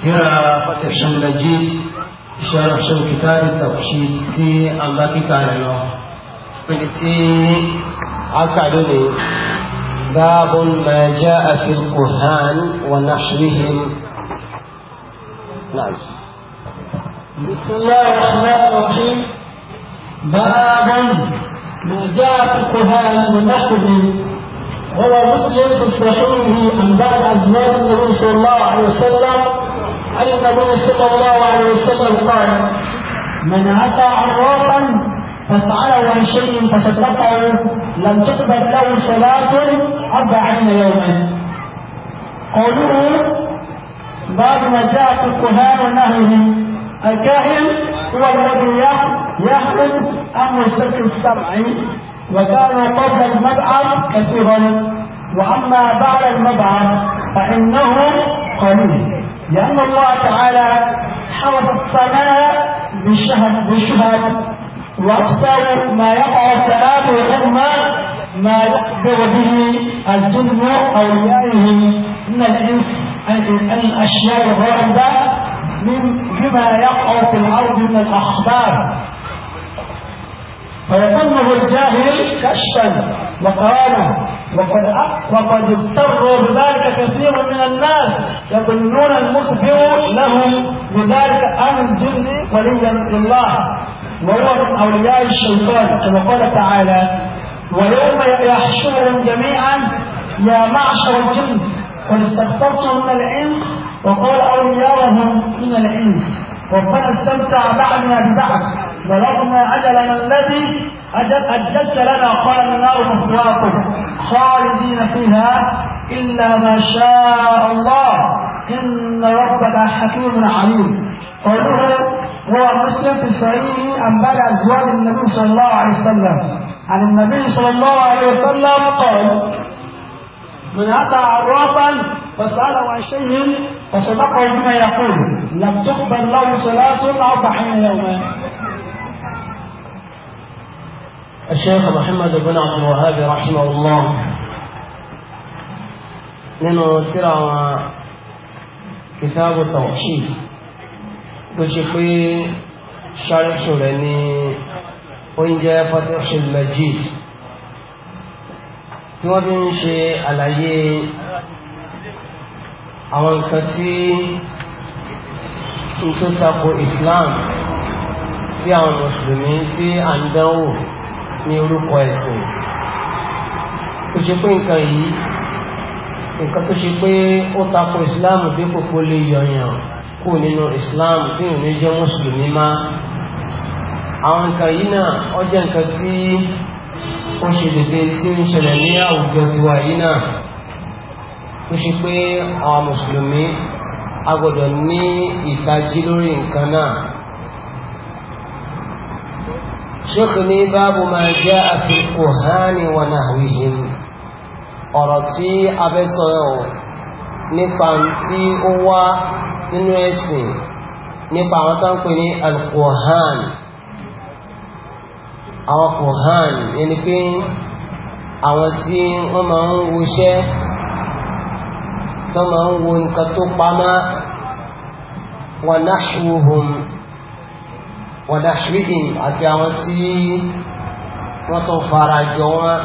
tíra fatihun lajid ìṣẹ́rọ̀ ṣẹ́wọ̀n kìtàrí tàbí tí a bá kíkà rẹ̀ lọ pẹ̀lú tí باب ما جاء في القرآن ونحوهم نعم بسم الله الرحمن الرحيم باب ما جاء في القرآن ونحوهم هو مسلم في صحيحه عن بعض ازواج النبي صلى الله عليه وسلم عن النبي صلى الله عليه وسلم قال من اتى عراقا فافعله عن شيء فصدقه لم تقبل له صلاه اربعين يوما قوله بعد ما جاء في القران ونهيه الكاهن هو الذي يحكم امر الشرك الشرعي وكان قبل المبعث كثيرا وأما بعد المبعث فإنه قليل لأن الله تعالى حرف السماء بالشهد بالشهد وأكثر ما يقع سلام الأمة ما يقدر به الجن أوليائهم من الإنس عن الأشياء الغامضه من بما يقع في الأرض من الأخبار فيظنه الجاهل كشفا وقرانا وقد وقد اضطروا بذلك كثير من الناس يظنون المخبر لهم بذلك ان الجن وليا لله وهو من اولياء الشيطان كما قال تعالى ويوم يحشرهم جميعا يا معشر الجن قد استكثرتم من الانس وقال اولياؤهم من الانس ربنا استمتع بعدنا ببعض بلغنا أجلنا الذي أجلت لنا قال النار مثواكم خالدين فيها إلا ما شاء الله إن ربك حكيم عليم قوله هو مسلم في صحيحه عن بعد أزواج النبي صلى الله عليه وسلم عن النبي صلى الله عليه وسلم قال من أتى عرافا فسأله عن شيء فصدقه بما يقول لم تقبل له صلاة أربعين يوما الشيخ محمد بن عبد الوهاب رحمه الله nínú tírà wa kìtàbù tawhid tó ṣe pé ṣáríṣù rẹ̀ ní oúnjẹ fatihul majid tí wọ́n fi ń ṣe àlàyé àwọn nǹkan tí tó tako islam tí àwọn mùsùlùmí tí à ń dánwò ní orúkọ ẹ̀sìn tó ṣe pé nǹkan yìí nǹkan tó ṣe pé ó tako islam bí kòkó lè yọyàn kú nínú islam tí ò ní jẹ́ mùsùlùmí má àwọn nǹkan yìí náà ó jẹ́ nǹkan tí ó ṣe dédé tí ń ṣẹlẹ̀ ní àwùjọ tiwa yìí náà tó ṣe pé àwọn mùsùlùmí a gbọ́dọ̀ ní ìtají lórí nǹkan náà ṣéèkì ní báàbù máa jẹ́ àfikún hání wọn náà wíyìn ọ̀rọ̀ tí a fẹ́ sọ ọ́ nípa tí ó wá nínú ẹ̀sìn nípa àwọn tó ń pè ní alkohan àwọn kohan ẹni pé àwọn tí wọ́n máa ń woṣẹ́ tó máa ń wo nǹkan tó pamọ́ wọn náà ṣùgbọ́n wọ̀dá ṣríhìn àti àwọn tí wọ́n tó fara jọ wọ́n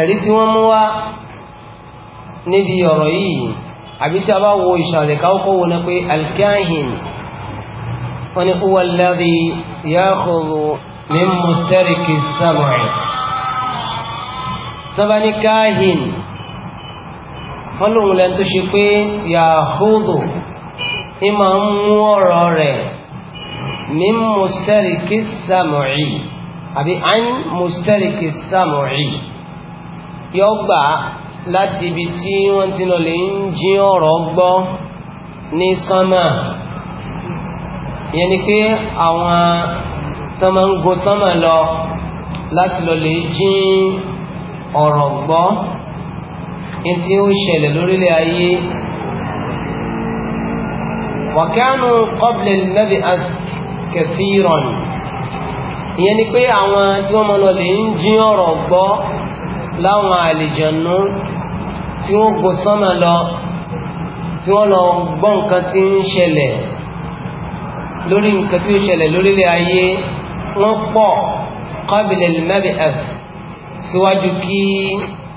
ẹ̀rí tí wọ́n mú wá níbi ọ̀rọ̀ yìí àbí tí a bá wo ìṣàlẹ̀ káwọ́kọ́ wọn pé alkahin wọ́n ni huwa alladhi ya'khudhu min mustariki as-sam'i ní káhin wọ́n lòun lẹ́nu tó ṣe pé ya'khudhu ìmọ̀ ń mú ọ̀rọ̀ rẹ̀ ní mustariki sam'i àbí an mustariki sam'i yóò gbà láti ibi tí wọ́n ti lọ lè ń jí ọ̀rọ̀ gbọ́ ní sánmà ìyẹn ni pé àwọn tó máa ń go sánmà lọ láti lọ lè jí ọ̀rọ̀ gbọ́ ní tí ó ṣẹlẹ̀ lórílẹ̀ ayé وكانوا قبل المبعث كثيرا ìyẹn ni pé àwọn tí wọ́n mọ lọ lè ń jí ọ̀rọ̀ gbọ́ láwọn àlìjànú tí wọ́n go sánmà lọ tí wọ́n lọ gbọ́ nǹkan tí ń ṣẹlẹ̀ lórí nǹkan tí ó ṣẹlẹ̀ lórílẹ̀ ayé wọ́n pọ̀ قبل المبعث síwájú kí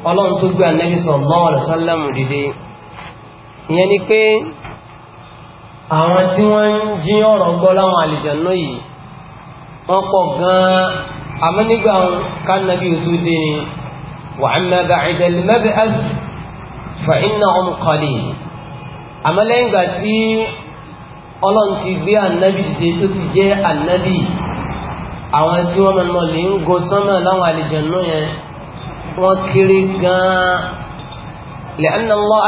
ọlọ́run tó gbé ànábì sallallahu alaihi wasallam dìde ìyẹn ni pé àwọn tí wọ́n ń jí ọ̀rọ̀ gbọ́ láwọn àlìjànú yìí wọ́n pọ̀ gan-an àmọ́ nígbà kánàbí ò tó dé ni wà á mẹ́ bá ìdẹ̀lẹ̀ mẹ́bẹ̀ ẹ́sì fà iná ọmọ kọ́lé àmọ́ lẹ́yìn ìgbà tí ọlọ́run ti gbé ànábì dìde tó ti jẹ́ ànábì àwọn tí wọ́n máa ń ń go sánmà láwọn àlìjànú yẹn wọ́n kéré gan lẹ́yìn náà lọ́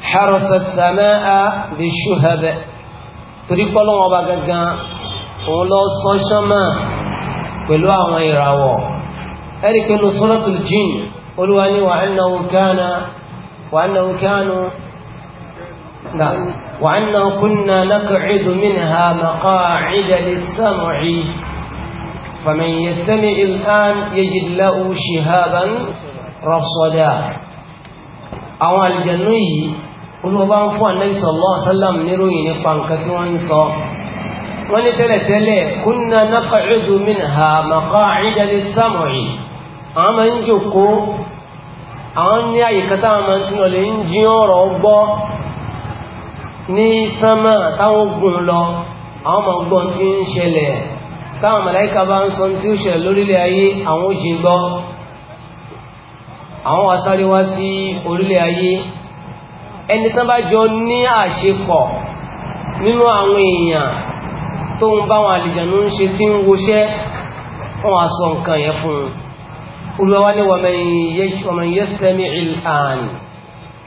harasa samaa bi shuhaba torí kọ́lọ́wọ́n ọba gangan òun lọ sọ sánmà pẹ̀lú àwọn ìràwọ̀ ẹ̀rí pẹ̀lú suratul jin olúwa ní wa annahu kana wa annahu kanu wa annahu kunna naq'idu minha maqa'ida lis-sam'i faman yastami' al-an yajid lahu shihaban rasada àwọn àlìjẹ̀nú yìí olùwọ́bá ń fún Ànábì sallallahu alaihi wasallam níròyìn nípa nǹkan tí wọ́n ń sọ wọ́n ní tẹ́lẹ̀tẹ́lẹ̀ kunna naq'udu minha maqa'ida lis-sam'i àwọn máa ń jòkó àwọn ní àyíká táwọn máa ń tún lọ lè ń jí ọ̀rọ̀ gbọ́ ní sánmà táwọn ogun lọ àwọn máa gbọ́ tí ń ṣẹlẹ̀ táwọn màláíkà bá ń sọ tí ó ṣẹlẹ̀ lórílẹ̀ ayé àwọn ò jí gbọ́ àwọn wa sáré wá sí orílẹ̀ ayé ẹni tán bá jọ ní àṣepọ̀ nínú àwọn èèyàn tó ń bá wọn àlìjànú ń ṣe tí ń woṣẹ́ wọn á sọ nǹkan yẹn fún un olùwàwá ní wàmẹ̀ yẹ́sẹ̀mí ìlàn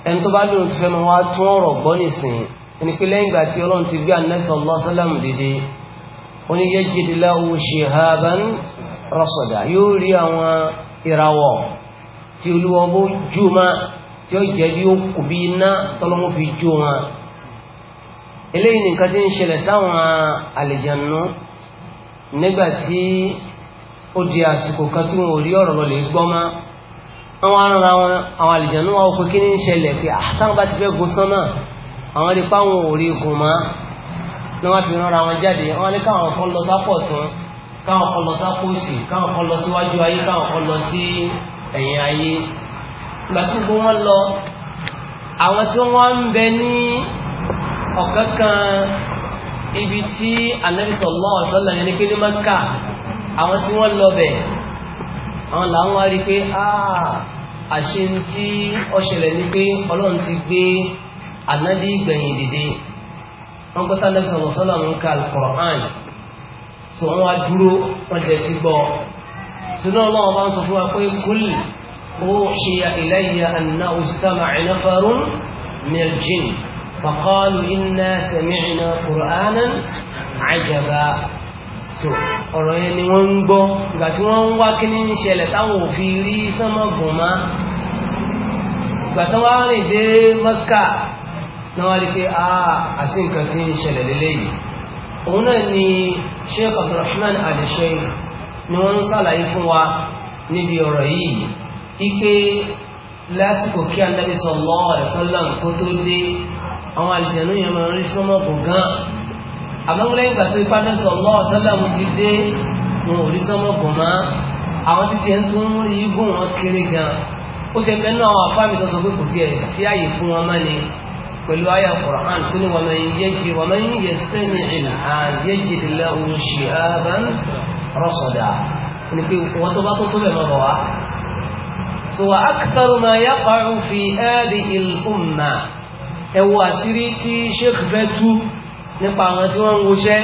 ẹni tó bá lóun ti fẹ́ mọ́ wá tún ọ̀rọ̀ gbọ́ nìsín ẹni pé lẹ́yìn ìgbà tí ọlọ́run ti gbé anẹ́sọ̀ lọ́sọ́lámù dìde oníyẹ́jìdìláwò ṣe hàbán rọ́sọ̀dà yóò rí àwọn ìràwọ̀ tí olúwa bó jó ma tí ó jẹ́ bí ó kù bí iná tọ́lọ́mọ́ fi jó ma eléyìí nìkan tí ń ṣẹlẹ̀ sáwọn àlejànú nígbà tí ó di àsìkò kan tí wọn ò rí ọ̀rọ̀ lọ́lẹ̀ gbọ́ ma àwọn aránra wọn àwọn àlejànú wa kò kí ní ṣẹlẹ̀ pé àtàwọn ah, bá ti fẹ́ gun sánmà àwọn rí pa àwọn ò rí gùn ma ni wọ́n fi ránra wọn jáde wọ́n ní káwọn kan lọ sápọ̀ tún káwọn kan lọ sápọ̀ sí káwọn kan lọ síwájú ayé káwọn kan lọ sí ẹ̀yìn ayé ìgbà tí gbogbo wọn lọ àwọn tí wọ́n ń bẹ ní ọ̀kánkán ibi tí anabi sallallahu alaihi wasallam ní pé ní Mẹ́kà àwọn tí wọ́n lọ bẹ̀ àwọn làwọn wá rí i pé ah, àṣẹ tí ó ṣẹlẹ̀ ni pé ọlọ́run ti gbé anabi gbẹ̀yìn dìde wọ́n gbọ́ sí anabi sallallahu alaihi ń ka al-Qur'an so wọ́n wá dúró wọ́n jẹ́ ti gbọ́ ọ sínú ọlọ́run bá ń sọ fún wa pé kúlì أوحي إلي أنه استمع نفر من الجن فقالوا إنا سمعنا قرآنا عجبا so ọ̀rọ̀ yẹn ni wọ́n ń gbọ́ ìgbà tí wọ́n ń wá kí ní ṣẹlẹ̀ táwọn ò fi rí sánmọ́gùn má ìgbà tí wọ́n rìn dé mọ́kà náà wọ́n rí pé àṣì nǹkan tí ń ṣẹlẹ̀ lélẹ́yìí òun náà ni sheikh abdulrahman al ni wọ́n ń sàlàyé fún wa níbi ọ̀rọ̀ yìí ike lásìkò kí anabi sallallahu alaihi wasallam kó tó dé àwọn àlìjẹ̀nú yẹn máa ń rí sọ́mọ́ bò gan àbáwọlẹ́ ìgbà tó ipá náà sallallahu alaihi wasallam ti dé wọn ò rí sọ́mọ́ bò mọ́ àwọn títí ẹ̀ ń tún rí gùn wọn kéré gan ó ṣe pẹ́ náà àwọn afáàmì tó sọ pé kò sí ẹ̀ sí àyè fún wọn mọ́ni pẹ̀lú àyà Qur'an tó ní wọ́n máa ń yẹ́jì wọ́n máa ń yẹ sẹ́mi ìlànà yẹ́jì lẹ́hùn ṣìhàbán rọ́sọ̀dà ni pé wọ́n tó bá tó tó bẹ̀ lọ́rọ̀ wa. so wa akthar ma yaqa'u fi hadhihi al-umma ẹ wo àṣírí tí sheikh fẹ́ tú nípa àwọn tí wọ́n ń woṣẹ́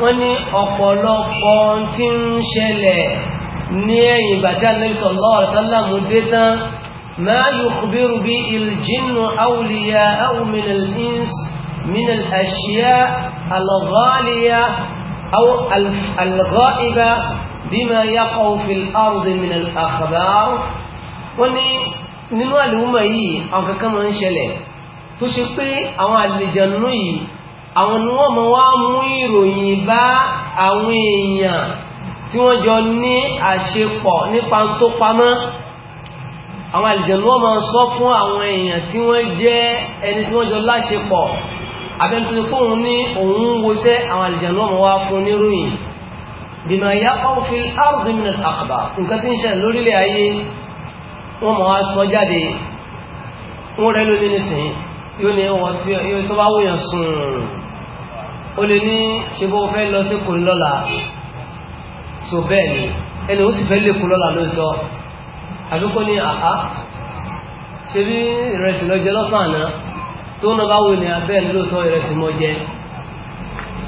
wọ́n ní ọ̀pọ̀lọpọ̀ tí ń ṣẹlẹ̀ ní ẹ̀yìn ìgbà tí Ànábì sallallahu alaihi dé tán ma yukhbiru bi al-jinnu awliya'u min al-ins min al أو الغائبة بما يقع في الأرض من الأخبار wọ́n ní nínú àlùmọ̀ yìí àwọn kankan máa ń ṣẹlẹ̀ tó ṣe pé àwọn àlejànú yìí àwọn ni wọ́n máa wá mú ìròyìn bá àwọn èèyàn tí wọ́n jọ ní àṣepọ̀ nípa tó pamọ́ àwọn àlejànú wọ́n máa sọ fún àwọn èèyàn tí wọ́n jẹ́ ẹni tí wọ́n jọ láṣepọ̀ abẹ́ntorí fóun ní òun wọṣẹ́ àwọn àlìjànú ọmọ wa fún níròyìn bima yaqa'u fil ardi min al akhbar nǹkan tí ń ṣẹlẹ̀ lórílẹ̀ ayé wọ́n mọ̀ wá sọ jáde wọ́n rẹ̀ lómi nísìnyí yóò ní wọ́n tí yóò tó bá wòyàn sùn ó lè ní ṣe bó fẹ́ lọ sí kò lọ́la tó bẹ́ẹ̀ ni ẹni ó sì fẹ́ lè kò lọ́la lóòótọ́ àbíkó ní àhá ṣe bí ìrẹsì lọ jẹ lọ́sàn-án náà tó ń bá wo ni abẹ́ lóòótọ́ ìrẹsì mọ́ jẹ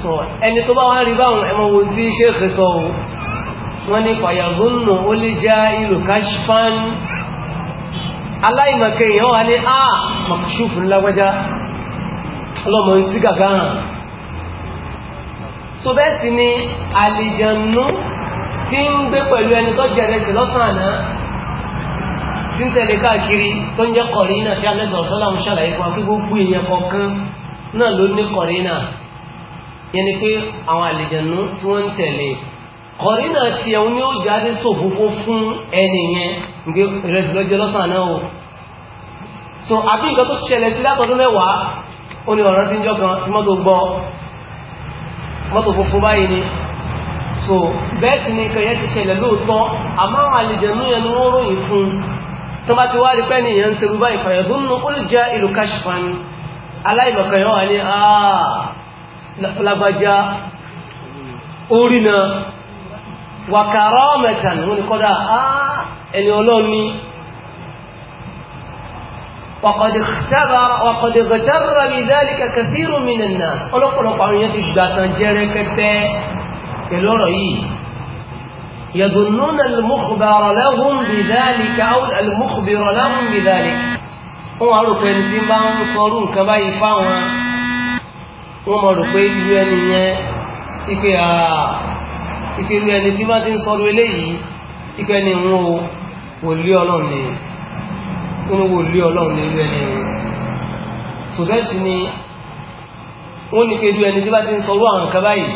sọ ẹni tó bá wá rí báwọn ẹmọ wo tí ṣéèkì sọ o wọ́n ní fàyàgùnnù ó lè já ìlú kashfan aláìmọ̀kẹ́ èèyàn wà ní a makṣúfù ńlágbájá ọlọ́mọ ń sí gàgá hàn so bẹ́ẹ̀ sì ni àlìjànú tí ń gbé pẹ̀lú ẹni tó jẹrẹ jù lọ́sàn-án tí ń tẹ̀lé káàkiri tó ń jẹ́ kọ̀rínà tí alẹ́gbẹ̀ẹ́ ọ̀sán láwọn ṣàlàyé fún akíkó gbú èèyàn kọ̀ọ̀kan náà ló ní kọ̀rínà yẹn ni pé àwọn àlejànú tí wọ́n ń tẹ̀lé kọ̀rínà tí ẹ̀hún ni ó jáde sòfófó fún ẹni yẹn nígbè ìrẹsì lọ́jọ́ lọ́sàn náà o so àbí nǹkan tó ṣẹlẹ̀ sí látọdún mẹ́wàá ó ní ọ̀rọ̀ tí ń jọ kan tí mọ́tò gbọ́ mọ́tò funfun báyìí ni so bẹ́ẹ̀ sì ni nǹkan yẹn ti ṣẹlẹ̀ lóòótọ́ àmọ́ àwọn àlejànú yẹn ni wọ́n ròyìn fún un tó bá ti wá rí pẹ́ni ìyẹn ń ṣe rúbá ìfàyẹ̀dúnnú ó lè jẹ́ ìlú kashfan aláìlọ̀kàn yóò wà ní lágbájá orí na wàkàrọ̀ mẹ́ta ní wọ́n kọ́dá ẹni ọlọ́ni wàkọ̀dẹ̀gọ̀tẹ́rọ̀ bí dhalika kathirun minan nas ọlọ́pọ̀lọpọ̀ àwọn يظنون المخبر لهم بذلك أو المخبر لهم بذلك wọ́n rò pé ẹni tí bá ń sọrú nǹkan báyìí fáwọn wọ́n mọ̀ rò pé irú ẹni yẹn ipe àà ipe irú ẹni tí bá ti ń sọrú eléyìí ipe ẹni ń wo wòlíì ọlọ́run ni wọ́n wòlíì ọlọ́run ni irú ẹni wọn tó ni wọ́n ní pé irú ẹni tí bá ti ń sọrú àwọn nǹkan báyìí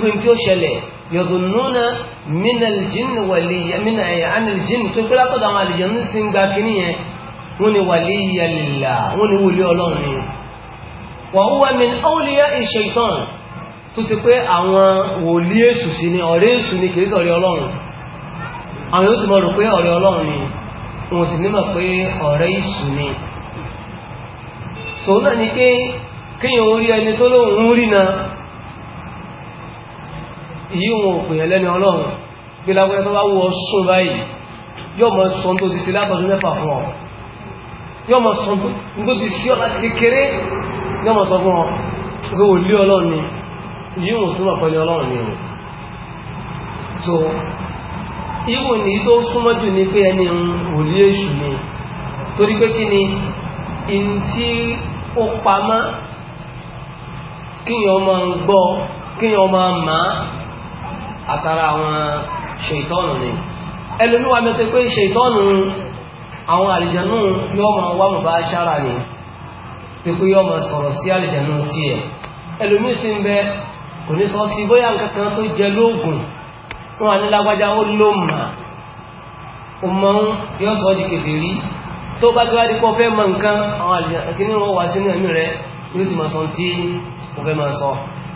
pé tí ó ṣẹlẹ̀ yọ̀dùnúnà mínàlìjìn wàlíyà mínàlìjìn tó gbé látọ̀dọ̀ àwọn àlìjìn ní sí ń gba kíní yẹn wọ́n ni wàlíyà lìlà wọ́n ni wòlé ọlọ́run ni wà ó wà min awliya ìṣẹ̀tàn tó ti pé àwọn wòlí èṣù sí ni ọ̀rẹ́ èṣù ni kìí sọ̀rẹ́ ọlọ́run àwọn yóò sì mọ̀ rò pé ọ̀rẹ́ ọlọ́run ni wọn sì nímọ̀ pé ọ̀rẹ́ èṣù ni tòun náà ni pé kéèyàn orí ẹni tó lóun ń rí náà èyí wọn ò pèyàn lẹ́ni ọlọ́run bí lágbẹ́rẹ́ tó bá wọ sún báyìí yóò mọ sọ tó ti ṣe látọ̀dún mẹ́fà fún ọ yóò mọ sọ tó ti ṣe ọ̀la kékeré yóò mọ sọ fún ọ pé wò lé ọlọ́run ni èyí wọn túnmọ̀ pẹ̀lú ọlọ́run ni o so ìwò ní tó súnmọ́ jù ní pé ẹni wò lé èṣù ni torí pé kí ni in tí ó pamọ́ kíyàn máa ń gbọ́ kíyàn máa máa àtàrà àwọn ṣètọ́nù ni ẹlòmíwà mẹ́tẹ́ pé ṣètọ́nù àwọn àlìjẹ̀nù yóò máa wá mọ̀ bá ṣára ni pé pé yóò máa sọ̀rọ̀ sí àlìjẹ̀nù tí ẹ̀ ẹlòmí sì ń bẹ kò ní sọ sí bóyá nǹkan kan tó jẹ lóògùn wọn àní lágbájá ó ló mà ó mọ ń yóò sọ di kèfèrí tó bá gbéra di fẹ́ mọ nǹkan àwọn àlìjẹ̀nù kí ni wọ́n wá sínú ẹ̀mí rẹ yóò ti máa sọ ti wọ́n fẹ́ máa sọ.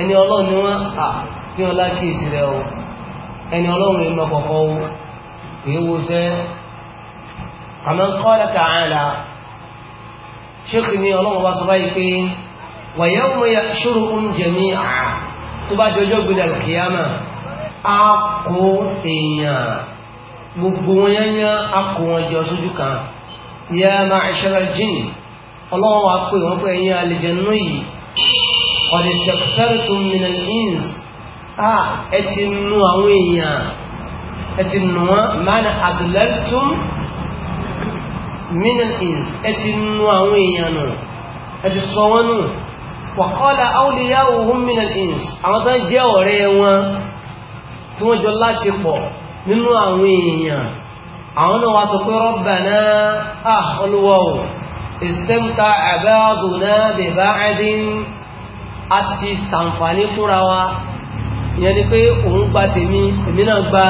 ẹni ọlọ́run ni wọ́n à kí wọ́n lákèsí rẹ̀ o ẹni ọlọ́run ẹni ọkọ̀ọ̀kọ̀ o kìí wo sẹ́ àmọ́ qala ta'ala ṣéèkì ni ọlọ́run bá sọ báyìí pé wa yawma yahshuruhum jami'a tó bá dọjọ́ á kó èèyàn gbogbo wọn á kó wọn jọ sójú kan ya ma'shara al-jinn ọlọ́run wàá pè wọ́n pé ọ̀dẹ̀ tẹ̀kẹ́rẹ́ tó mìíràn ins a ẹ ti nu àwọn èèyàn ẹ ti nu wọn mẹ́rin adùlẹ́tùm mìíràn ins ẹ ti nu àwọn èèyàn nù ẹ ti sọ wọn nù wàkọ́lá áwùlíyáwó hún mìíràn ins àwọn tó ń jẹ́ ọ̀rẹ́ wọn tí wọ́n jọ láṣepọ̀ nínú àwọn èèyàn àwọn náà wá sọ pé rabbana ah olúwa ò ìsẹ́mta àbáàdùn náà bèbá àdín a ti sàǹfàní fúnra wa ìyẹn ni pé òun gba tèmi èmi náà gba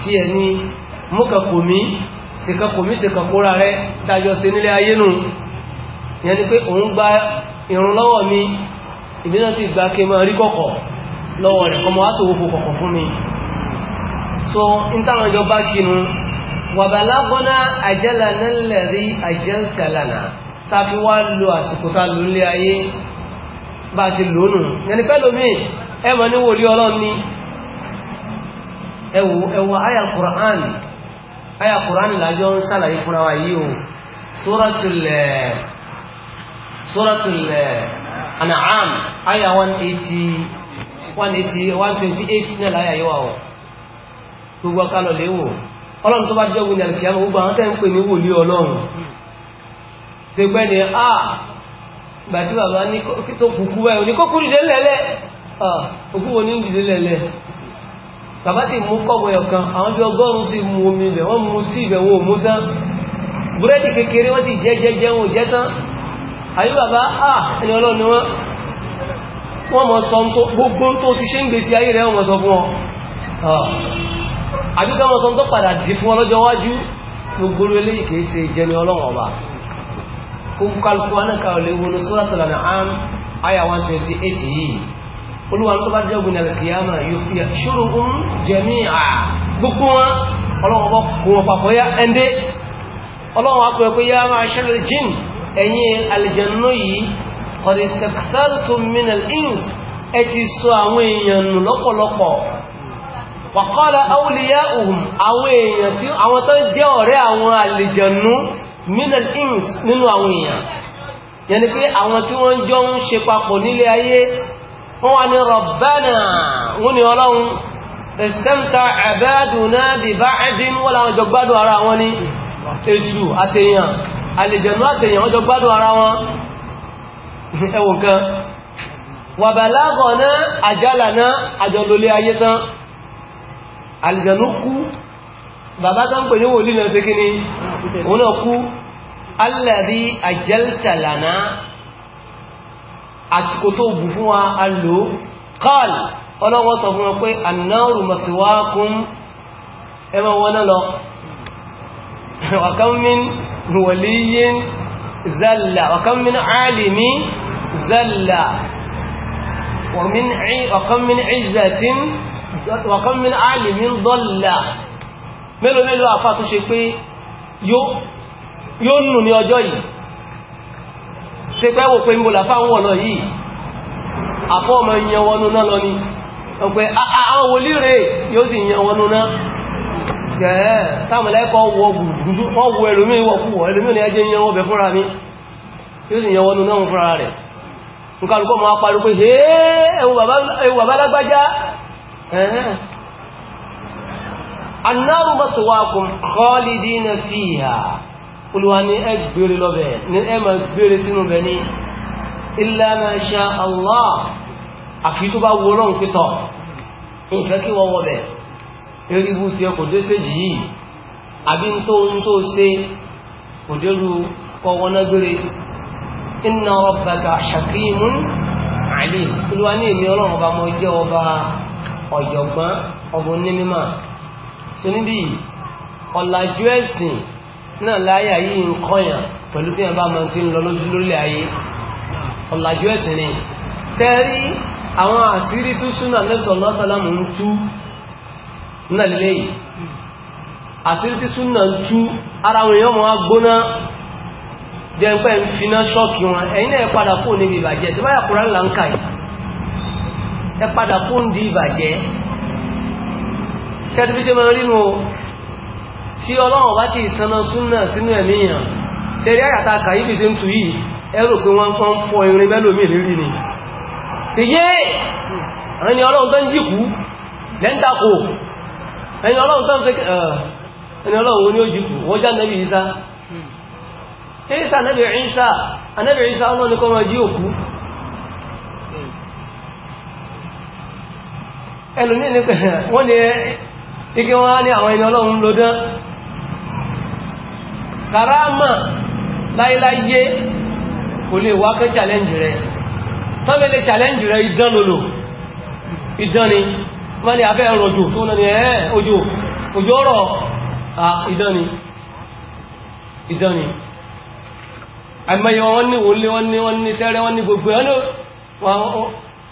tí ẹ̀ ní múkàkò mí sìkàkò mí sìkàkò ra rẹ dájọ́ sí nílé ayé nù ìyẹn ni pé òun gba ìrun lọ́wọ́ mi èmi náà sì gba kí n máa rí kọ̀kọ̀ lọ́wọ́ rẹ̀ kọmọ wá tòwó fò kọ̀kọ̀ fún mi so n táwọn ìjọ bá kinu wàbàlágbọ́ná àjẹ́lànà lẹ́rí àjẹ́ǹtẹ̀lànà tá a fi wá lo àsìkò tá a lò nílé ayé bá ṣe lónù yẹni pẹ́lú mi ẹmọ̀ ní wòlí ọlọ́run ní ẹwù ẹwù àyà Qur'an àyà Qur'an làjọ ń ṣàlàyé fúnra wa yìí o suratul suratul An'am àyà 180 180 128 náà láyà yíwá o gbogbo akálọ̀ léwò ọlọ́run tó bá jẹ́ gbogbo àwọn ń pè ní ọlọ́run a ah, gbàtí bàbá ní tó kùkú báyìí òní kókù dìde lẹ́lẹ́ òkú wo ní dìde lẹ́lẹ́ bàbá sì mú kọ́gbọ̀n ọ̀kan àwọn bí ọgọ́rùn sì mú omi ibẹ̀ wọ́n mú tí ibẹ̀ wọ́n mú tán búrẹ́dì kékeré wọ́n ti jẹ́ jẹ́jẹ́ wọn ò jẹ́ tán àyè bàbá à ẹni ọlọ́ni wọn wọ́n mọ̀ sọ gbogbo tó ti ṣe ń gbèsè ayé rẹ̀ wọ́n mọ̀ sọ fún wọn àbíkẹ́ wọn sọ tó padà dì fún ọlọ́jọ́ wájú gbogbo eléyìí kìí ṣe ìjẹni ọlọ́run ọba kúkúkálukú anáka ò lè wọnú suratul an'am àyà 128 yìí olúwa tó bá jẹ́ ògbìn alìkìyàmà yóò fi ṣòro ń jami'a gbogbo wọn ọlọ́wọ́ bọ́ kún wọn papọ̀ yá ẹndé ọlọ́wọ́ akọ̀ ẹ̀kọ́ yá máa ṣẹlẹ̀ jìn ẹ̀yìn alìjẹ̀nú yìí qad istaktartum min al-ins ẹ ti àwọn èèyàn nù lọ́pọ̀lọpọ̀ wa qala awliya'uhum àwọn èèyàn tí àwọn tó jẹ́ ọ̀rẹ́ àwọn alìjẹ̀nú minal ins nínú àwọn èèyàn yẹn ni pé àwọn tí wọ́n jọ ń ṣe papọ̀ nílé ayé wọ́n wà ní rabbana wọ́n ní ọlọ́run istamta abaduna bi ba'din wọ́n làwọn jọ gbádùn ara wọn ní èṣù àtẹ̀yàn àlejànú àtẹ̀yàn wọ́n jọ gbádùn ara wọn ẹwọ nǹkan wa balagana ajalana àjọlólé ayé tán àlejànú kú bàbá tán pè ní wòlíì náà òun náà kú alladhi ajalta lana àsìkò tó bù fún wa a lò qal ọlọ́wọ́ sọ fún wọn pé annáru masiwakum ẹmọ wọn náà lọ wa kam min waliyin zalla wa kam min alimi zalla ومن عي... وكم عزة وكم من عالم ضل mélòó mélòó àfáà tó ṣe pé yóò nù ní ọjọ́ yìí ṣe pẹ́ wò pé ń bọ̀lá fáwọn ọ̀nà yìí àfọ́ ọmọ ìyẹn wọnú náà lọ ni wọ́n ah, ah, àwọn wòlíre yóò sì yẹn wọnú náà gẹ̀ẹ́ táàmùlẹ́kọ́ wọ gbùgbùgbù annáru maswakum khalidina fiha olùwà ní ẹ gbére lọ́bẹ̀ ní ẹ máa gbére sínú bẹ̀ ní illa ma sha Allah àfi tó bá wo ọlọ́run pítọ̀ ìfẹ́ kí wọ́n wọ́bẹ̀ eribu ti ẹ kò dé séjì yìí àbí ń tó ń tó ṣe kò dérú kọwọ́ náà gbére inna rabbaka hakimun alim olùwà ní èmi ọlọ́run ọba mọ jẹ́ ọba ọ̀jọ̀gbọ́n ọba onímọ̀ so níbí ọ̀làjú ẹ̀sìn náà láyé ayé ń kọyàn pẹ̀lú bí wọn bá máa ti ń lọ lójú lórílẹ̀ ayé ọ̀làjú ẹ̀sìn ni sẹ́rí àwọn àṣírí tó súnà lẹ́sọ̀ lọ́sàlámù ń tú náà lélẹ́yìí àṣírí tó súnà ń tú ara wọn yóò máa gbóná jẹ́ pẹ́ ń finá ṣọ́ọ̀kì wọn ẹ̀yin náà ẹ padà kó níbi ìbàjẹ́ tí báyà kúrán là ń kà yìí ẹ padà kó níbi ìbàjẹ́ ṣẹ́ni bí ṣe máa rí nu o tí ọlọ́run bá ti ìtaná súnà sínú ẹ̀mí yàn tẹ̀rí àyàtà kàyíbì ṣe ń tu yìí ẹrù pé wọ́n kàn fọ irin bẹ́lòmí lérí ni ìyé ẹni ọlọ́run tó ń jìkú lẹ́ńtàkò ẹni ọlọ́run tó ń fẹ́ ẹni ọlọ́run ní ó jìkú wọ́n já nẹ́bì ìsá ìsá nẹ́bì ìsá anẹ́bì ìsá ọlọ́run ní kọ́ máa jí òkú hmm. ẹlòmí ní wọ́n ni ike wọn á ní àwọn ẹni ọlọ́run ló dán karama láíláyé kò lè wá pé challenge rẹ tọ́bẹ̀ lè challenge rẹ idán lòlò idán ni wọ́n ní abẹ́ ẹ̀rọ òjò tó náà ni ẹ̀ òjò òjò ọ̀rọ̀ idán ni idán ni àmọ́ ìyọ̀ wọ́n ní wọlé wọ́n ní wọ́n ní sẹ́rẹ́ wọ́n ní gbogbo ẹ̀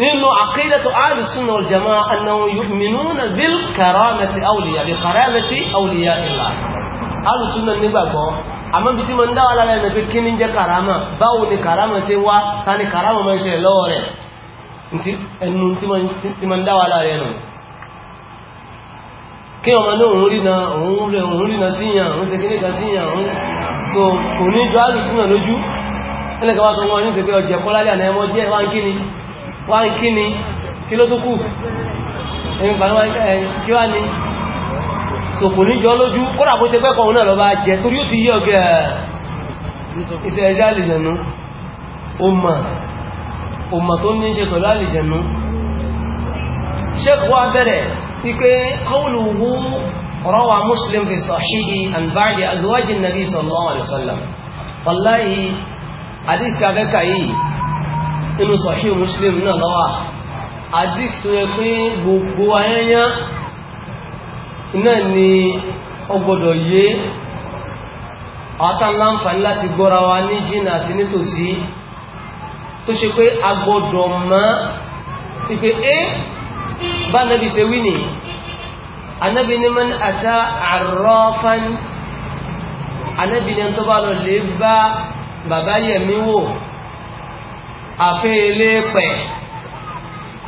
nínú àkídàtò àdìsúnà ọ̀jẹ̀mọ́ anáwọn yu'minuna bil karamati awliya bi karamati awliya ìlà àdìsúnà nígbàgbọ́ àmọ́ bí tí mo ń dáwà lára ẹ̀nà pé kí ní jẹ́ karama báwo ni karama ṣe wá ta ni karama máa ń ṣe lọ́wọ́ rẹ̀ ẹnu tí mo ń dáwà lára ẹ̀nà kí ọmọ ní òun rìnà òun rẹ̀ òun rìnà síyàn òun ṣe kíní kan síyàn òun so wá ń kí ni kí ló tó kù ẹ̀yìn gbàgbà kí wá ni sòkò níjọ lójú kódà bó ṣe pẹ́kọ̀ọ́ òun náà lọ bá jẹ torí ó ti yí ọ̀gẹ́ iṣẹ́ ẹja àlìjẹ̀nú ọmọ ọmọ tó ní ṣe pẹ̀lú àlìjẹ̀nú ṣẹ́kù wá bẹ̀rẹ̀ wípé qawluhu rawa Muslim fi sahihi an ba'di azwajin nabi sallallahu alaihi wasallam wallahi àdìsí abẹ́kà yìí inú Sahih Muslim náà lọ́wọ́ àdìsù ẹ pé gbogbo ayẹyẹ náà ni ọgbọ́dọ̀ yé àwọn láǹfààní láti gbọ́ra wa ní jìnnà àti nítòsí tó ṣe pé agbọ́dọ̀ mọ́ ìpé é bá nàbí ṣe wí nìyí anabi ni man ata arrafan anabi ni tó bá lọ lè bá bàbá yẹmí wò àfẹ́ elépẹ̀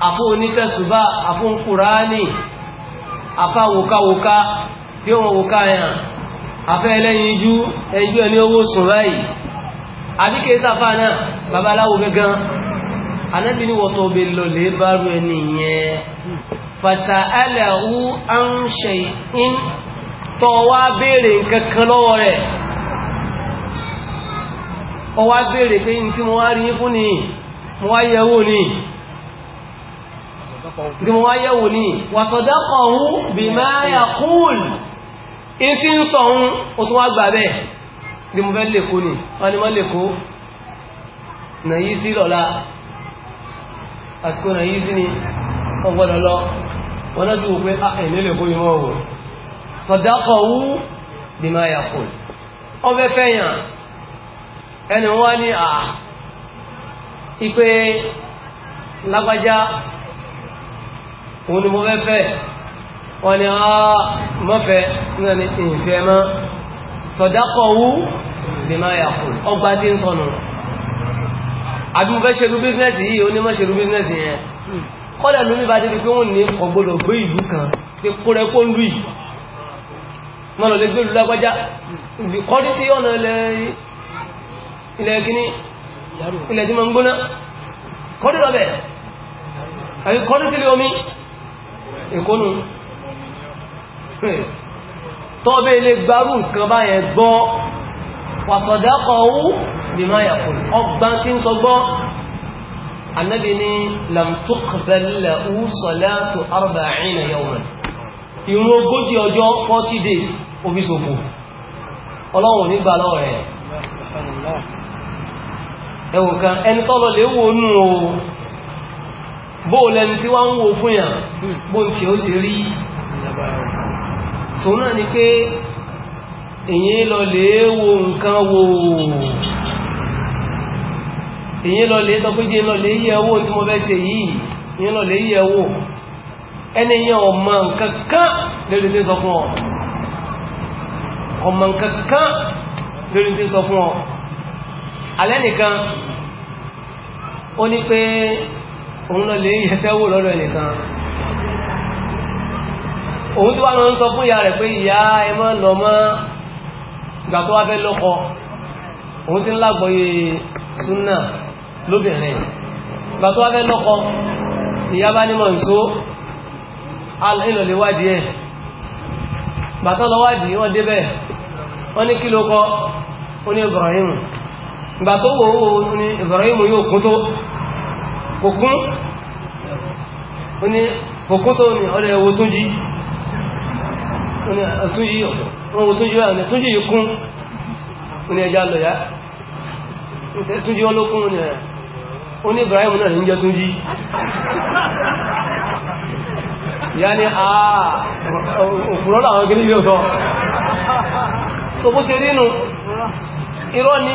àfọ́ onítẹ̀sùbá àfọ́ nkùránì àfá wòkáwòká tí ó wọn wòká yàn àfẹ́ ẹlẹ́yin ijú ẹjú ẹni owó sùn báyìí àbíkẹ́ sáfà náà babaláwo gangan anábì ni wọ́tọ̀ bẹ lọlé bárú ẹni yẹn fàṣà ẹlẹ́hu àǹṣe in tọ́ wá béèrè nǹkan kan lọ́wọ́ rẹ̀ ọ wá pé ní mo wá rí fún nìyí mo wá yẹ̀wò ní bí mo wá yẹ̀wò ní wàsọ̀dọ́kọ̀ọ́hú bí máa yà kúùl in fi ń sọ̀hún o tún wá gbà bẹ́ẹ̀ bí mo fẹ́ lèkó ní wọ́n ni wọ́n lèkó nà yí sí lọ́la àsìkò nà yí sí ni wọ́n lọ wọ́n náà wò pé ah, ẹ̀mí lèkó yìí wọ́n wò sọ̀dọ́kọ̀ọ́hú bí máa yà kúùl wọ́n fẹ́ fẹ́ yàn ẹni wọ́n ní àà ah, ipe lágbájá òun ni mo fẹ́ fẹ́ wọ́n ni a mọ́fẹ́ náà ni ìfẹ́ mọ́ sọ̀dákọ̀wú lè máa yàkù ọgbà tí ń sọnù àbí mo fẹ́ ṣerú bísínẹ́sì yìí ó ní mọ́ ṣerú bísínẹ́sì yẹn kọ́dà lómi bá débi pé wọ́n ní ọgbọ́dọ̀ gbé ìlú kan pé kó rẹ kó lù yìí mọ́ lọ lè gbé ìlú lágbájá kọ́dí sí ọ̀nà ilẹ̀ kíní ilẹ̀ tí ma ń gbóná kọ́dí lọ́bẹ̀ àbí kọ́dí sílé omi ìkónú tọ́bẹ̀ ilé gbárù nǹkan báyẹn gbọ́ wàsọ̀dákọ̀ owó lè máa yà fún ọgbà tí ń sọ gbọ́ annabi ni lamtukbalẹ̀ úsọ̀lẹ́tù arba'ina yawman ìrún ogójì ọjọ́ 40 days obisopo ọlọ́run nígbà lọ́rẹ̀ ẹ̀wọ̀n kan ẹni tọ́lọ lè wo nù o bó lẹni tí wọ́n ń wo fún yàn hmm. bó ń tí ó sì rí so náà ni pé èyí lọ lè wo nǹkan wo èyí lọ lè sọ pé jẹ́ lọ lè yẹ owó tí mo fẹ́ ṣe yìí èyí lọ lè yẹ owó ẹni yẹn ọmọ nǹkan kan lórí tí sọ fún ọ ọmọ nǹkan kan lórí tí sọ fún ọ alẹ́ nìkan ó ní pé òun lọ lè yẹsẹ́ wò lọ́dọ̀ ẹnìkan òun tí wá lọ ń sọ fún ìyá rẹ̀ pé ìyá ẹ mọ́ lọ mọ́ ìgbà tó wá fẹ́ lọ́kọ òun ti ń lágbọ́yé súnà lóbìnrin ìgbà tó wá fẹ́ lọ́kọ ìyá bá ní mọ̀ nsó ìlọ̀lẹ̀ wádìí ẹ̀ gbàtọ́ lọ wádìí wọ́n débẹ̀ wọ́n ní kí ló kọ́ ó ní Ibrahim ìgbà tó wò ó ní Ibrahim yóò kún tó kò ó ní kò tó ní ọlẹ́ ewu tún ó ní ọtún yí wọ́n wo tún jí wọ́n yìí kún ó ní ẹja lọ yá tún jí ló kún ó ní Ibrahim náà ní jẹ́ tún jí ìyá ni àà òkúrọ́ làwọn gẹ́lẹ́ yóò sọ tó bó ṣe nínú irọ́ ni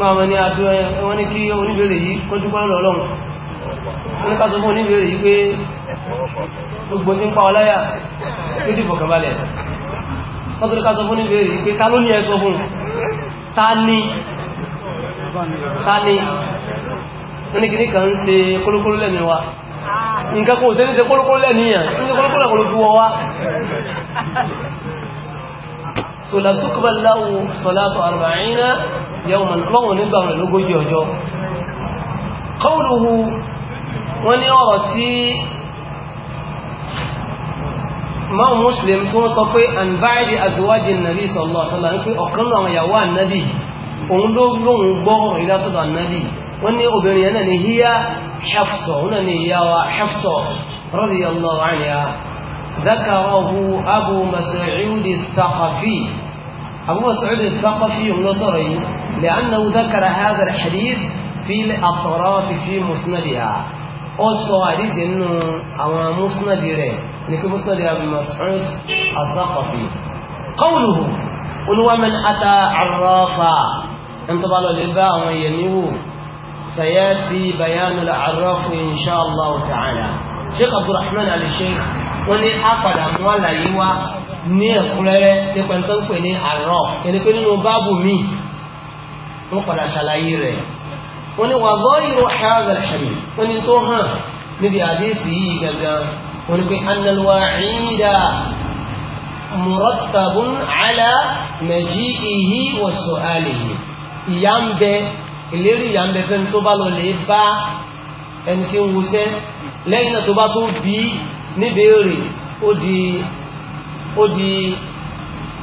fún àwọn ní adó ẹ wọ́n ní kí oníbèrè yìí kó dúpẹ́ lọ ọlọ́run wọ́n ní ká sọ fún oníbèrè yìí pé gbogbo ní pa ọláyà pé dìbò kan balẹ̀ wọ́n tó ní ká sọ fún oníbèrè yìí pé ta ló ní ẹ sọ fún ta ni ta ni wọ́n ní kí ní kàn ń ṣe kólókóló lẹ́nu wa nǹkan kò tẹ́lẹ̀ ṣe kólókóló lẹ́nu yàn ń ṣe kólókóló lẹ́nu wa tó látúkọ̀bá láwù sọ́látọ̀ àrùbáyínà yawman ọlọ́run nígbà wọn lógójì ọjọ́ qawluhu wọ́n ní ọ̀rọ̀ tí máa muslim tó sọ pé an báyìí azwajin nàbí sallallahu alaihi wasallam pé ọ̀kan náà yàwó ànábì òun ló lóhun gbọ́rùn ìdátọ̀dọ̀ ànábì wọ́n ní obìnrin yẹn náà ni hiya wọ́n náà ni ìyá wa Hafsa radiyallahu ذكره أبو مسعود الثقفي أبو مسعود الثقفي النصري لأنه ذكر هذا الحديث في الأطراف في مسندها قد سؤاليس إنه أو مسند ريه لك مسند أبو مسعود الثقفي قوله قل ومن أتى عرافا انتظر للباء ومن يميه سيأتي بيان العراف إن شاء الله تعالى شيخ عبد الرحمن علي الشيخ wọ́n ní á padà mú àlàyé wá ní ẹ̀kúnrẹ́rẹ́ nípa tó ń pè ní àrọ̀ ẹni pé nínú báàbù mi wọ́n padà ṣàlàyé rẹ̀ wọ́n ní wà gọ́ ìrò ṣáàzàṣàlì wọ́n ní tó hàn níbi àdéhìsì yìí gangan wọ́n ní pé annalwa ìdá murattabun ala maji'ihi wa su'alihi ìyà ń bẹ ìlérí ìyà ń bẹ fẹ́ni tó bá lọ lè bá ẹni tí ń wuṣẹ́ lẹ́yìn náà tó bá tó bí níbèrè ó di ó di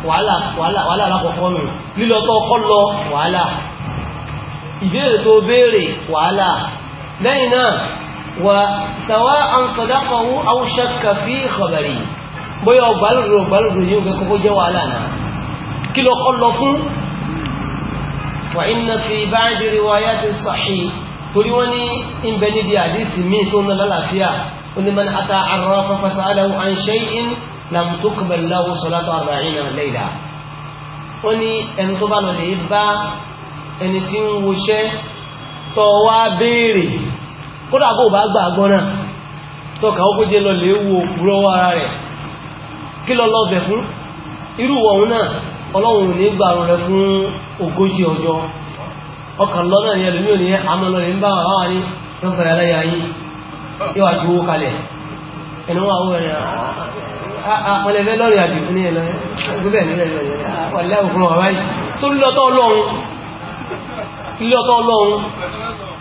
wàhálà wàhálà wàhálà alákọ̀ọ́kọ́ nù lílọ tó kọ́ lọ wàhálà ìbéèrè tó béèrè wàhálà lẹ́yìn náà wà sàwá àǹsọ̀dákọ̀wó àwùṣàkà fi ìkọ̀bẹ̀rì bóyá ọgbàlódò ọgbàlódò yìí nǹkan kókó jẹ́ wàhálà náà kí lọ kọ́ lọ fún wà iná fi báyìí rí wáyá ti sọ̀hí torí wọ́n ní ìbẹ̀ níbi àdìsí míì tó ń lọ lálàáfíà onímọ̀ni ata àrọ́ fọ́fọ́sọ́ aláwọ̀ à ń ṣe in lam tuqbal lahu salatu arba'ina layla ó ní ẹni tó bá lọ lè bá ẹni tí ń woṣẹ́ tọ́ wá béèrè kódà bó bá gbàgbọ́ náà tọ́ka ó kójé lọ lè wo òkúrọ́ ara rẹ̀ kí lọ lọ bẹ̀ fún irú wọ̀hún náà ọlọ́run ní gbàrún rẹ̀ fún ogójì ọjọ́ ọkàn lọ́nà ìyẹn lómi ò ní àmọ́ lọ lè ń bá wà wá ní lọ́gbàrá aláya yìí yóò wá ju owó kalẹ̀ ẹni wọn àwọn ẹ̀rẹ̀ àpọ̀lẹ̀fẹ́ lọ́rin àjò fún ẹ̀lọ́ gbẹ́bẹ̀ nílẹ̀ ìwọ̀lẹ́ òkun ọ̀rọ̀ báyìí tó lílọ́tọ́ ọlọ́run lílọ́tọ́ ọlọ́run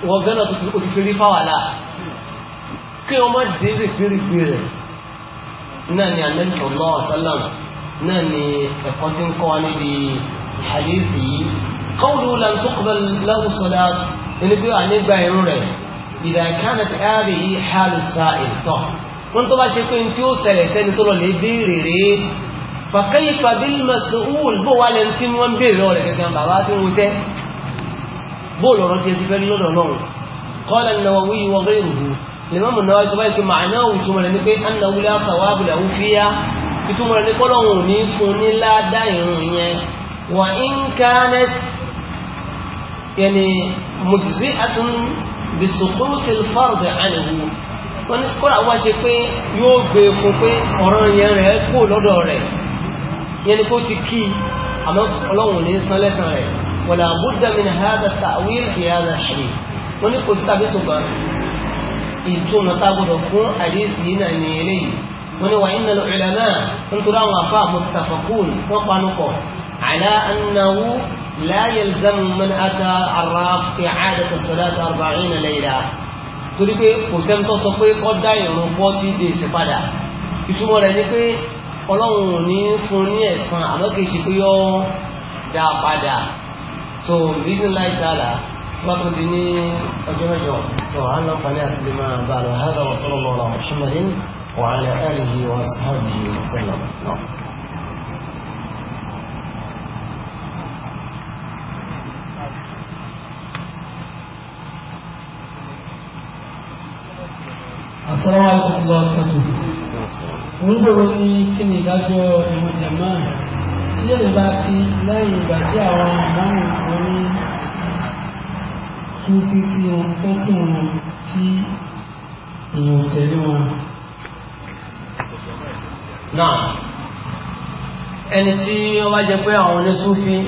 wọ́n gẹ́nà tó ti fi rí fáwàlá kí ọmọ dèrè pérépé rẹ̀ náà ni anẹ́sọ̀ lọ́wọ́ sálàm ẹ̀kọ́ tí ń kọ́ wa níbi hadisi yìí kọ́wùlù làǹtọ́kùnrin láwùsọ̀lá ẹni pé ànígbà irú rẹ̀ إذا كانت هذه حال السائل طه وانت ما شكوين تيو سلسل تلو لبيري فكيف بالمسؤول بو والنتين وان بيري ولك كان باباتي وسه بو لورو تيسي بل قال النووي وغيره الإمام النووي سبحانه معناه ثم لنكي أنه لا ثواب له فيها ثم لنكي لهم نيفون لا دائرون وإن كانت يعني مجزئة بسقوط الفرض عنه wọ́n ní kọ́lá wá ṣe pé yóò gbé e fún pé ọ̀ràn yẹn rẹ̀ kó lọ́dọ̀ rẹ̀ yẹn ni kó ti kí àmọ́ ọlọ́run ní san lẹ́sàn rẹ̀ wala budda min hadha ta'wil fi hadha al-hadith wọ́n ní kò sí tàbí ṣùgbọ́n ìtumọ̀ tá a gbọ́dọ̀ fún àdéhùn yìí náà ní eléyìí wọ́n ní wa inna al-ulama ń tura àwọn afá mutafakun wọ́n panu pọ̀ ala annahu لا يلزم من أتى عراف إعادة الصلاة أربعين ليلة torí pé kò قد tó sọ pé kọ́ dá ìrun forty days padà ìtumọ̀ rẹ̀ ni pé ọlọ́run ò ní fún ní ẹ̀san àmọ́ kìí ṣe pé yọ dá padà so reason láì dára tó tó di ní ọjọ́ mẹ́jọ so à ń lọ pàdé àti lè máa bá a lọ hàn lọ́wọ́ sọ́lọ́mọ́ ọ̀la ọ̀ṣunmọ́lẹ́ wàhálà ẹ̀rìn yìí wọ́n sọ́ọ̀dì yìí sọ́lọ́mọ́ náà. sọ́wọ́ àìsànlọ́ ọ̀tọ̀tọ̀ nígbòrò ní kí ni ìdájọ́ ìmọ̀ jàmá tí yẹn bá ti lẹ́yìn ìgbà tí àwọn ìmọ̀ràn orí tún kí kí ẹni tí ó bá jẹ pé àwọn oníṣúfin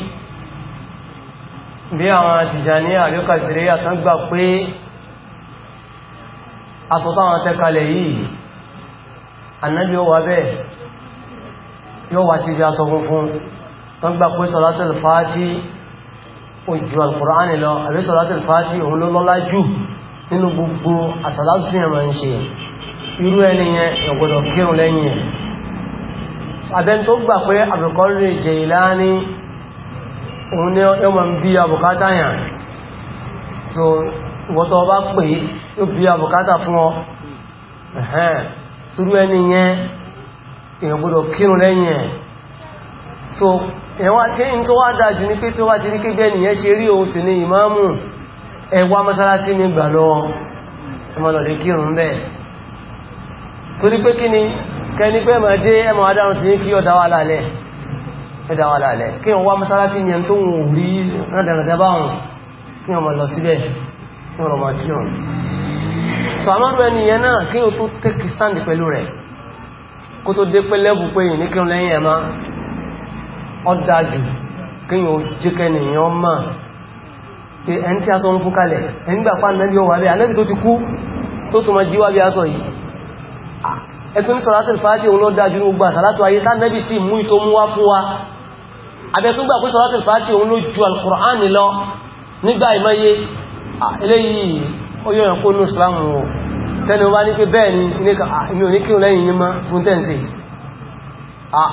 bí àwọn àtìjà ní àríkàtìrí àtàgbà pé asọ̀tọ̀ àwọn tẹ́kalẹ̀ yìí annabi yóò wà bẹ́ẹ̀ yóò wà sí ibi aṣọ funfun wọ́n gbà pé sọ̀látẹ̀lì fàájì ojú alkùránì lọ àbí sọ̀látẹ̀lì fàájì òun ló lọ́lá jù nínú gbogbo àsàlátù tí yẹn máa ń ṣe irú ẹni yẹn ìgbọ̀dọ̀ kírun lẹ́yìn ẹ̀ abẹ́ni tó gbà pé so ìwọ́tọ̀ ọba pè é yóò fi àbùkátà fún ọ ẹ̀hẹ́n turu ẹni yẹn lẹ́yìn so ẹ̀wà tí ń tó wá dájú ní pé tó wá ti rí pé nìyẹn ṣe rí òun sì ní ìmáàmù ẹwà mọ́sálásí ní lọ ni kẹni pé ẹmọ̀ dé ẹmọ̀ adáhùn ti ní kí ọ̀dá wà lálẹ́ lálẹ́ kí wọ́n wá mọ́sálásí yẹn tó wù rí kí so àmọ́rú ẹni yẹn náà kí o tó tẹ́kì sáàndì pẹ̀lú rẹ̀ kó tó dé pẹ́lẹ́bù pé yìí ní kí o lẹ́yìn ẹ̀má ọdájù kí o jẹ́kẹ́ nìyàn mọ́ pé ẹni tí a sọ ń fún kalẹ̀ ẹni gbà pa nẹ́bí ọwà bẹ́ anẹ́bí tó ti kú tó tó ma sọ̀rọ̀ àtẹ̀lẹ̀ òun lọ dájú gbogbo àsàlátù ayé tá nẹ́bí mú ìtò mú wá fún wa àbẹ̀túgbà pé sọ̀rọ̀ àtẹ̀lẹ̀ òun ló ju Al-Qur'ani lọ nígbà ìmọ̀ye eléyìí ó yọ ìyànkó ní ìsìlámù wọn tẹ́lẹ̀ wọ́n bá ní pé bẹ́ẹ̀ ni ah, ní oníkíun lẹ́yìn yí mọ́ fún tẹ́ǹsì à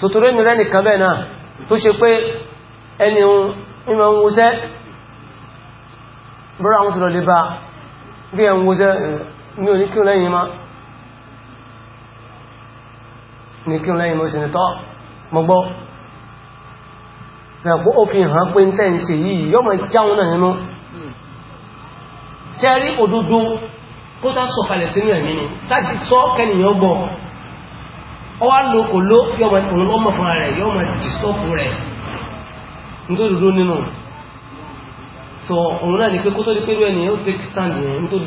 sòtòrò èmì rẹ̀ nìkan bẹ́ẹ̀ náà tó ṣe pé ẹni ìmọ̀ ń wọ́sẹ́ bọ́rọ̀ àwọn sọ̀rọ̀ lè bá bí ẹ̀ ń wọ́sẹ́ eh, ní oníkíun lẹ́yìn yí mọ́ oníkíun lẹ́yìn mọ́ sí ni tọ́ mọ́gbọ́ ó fi hàn pé ń tẹ́ǹsì yìí yọ́ mọ̀ jáwọn náà nínú tẹ́rí òdodo kó sá sọ kalẹ̀ sínú ẹ̀mí ni sọ kẹ́nìyàn gbọ́ ọ wá lo kò ló yọmọ òun ọmọ fúnra rẹ̀ ọmọ rẹ̀ nítorí nínú sọ òun náà ni pé kó tó di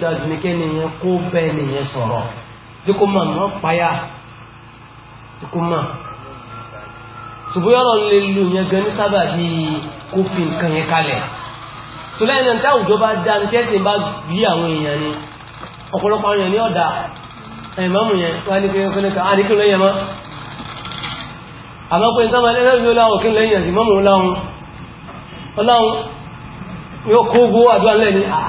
da ní kẹ́nìyàn kó bẹ́ ẹnìyàn sọ̀rọ̀ tí kò máa mọ́ páyà tí kò máa ṣùgbọ́n yọ̀rọ̀ lè lu gan ní sábà bíi so lẹ́yìn náà táwùjọ bá dá ní tẹ́sìn bá bí àwọn èèyàn ni ọ̀pọ̀lọpọ̀ àwọn èèyàn ní ọ̀dà ẹ̀mọ́mù yẹn wá ní kíni kíni kan àdíkì lẹ́yìn mọ́ àmọ́ pé sábà lẹ́yìn mi láwọn kí lẹ́yìn sí mọ́mù láwọn ọláwọn yóò kó gbó àdúrà lẹ́ni ah,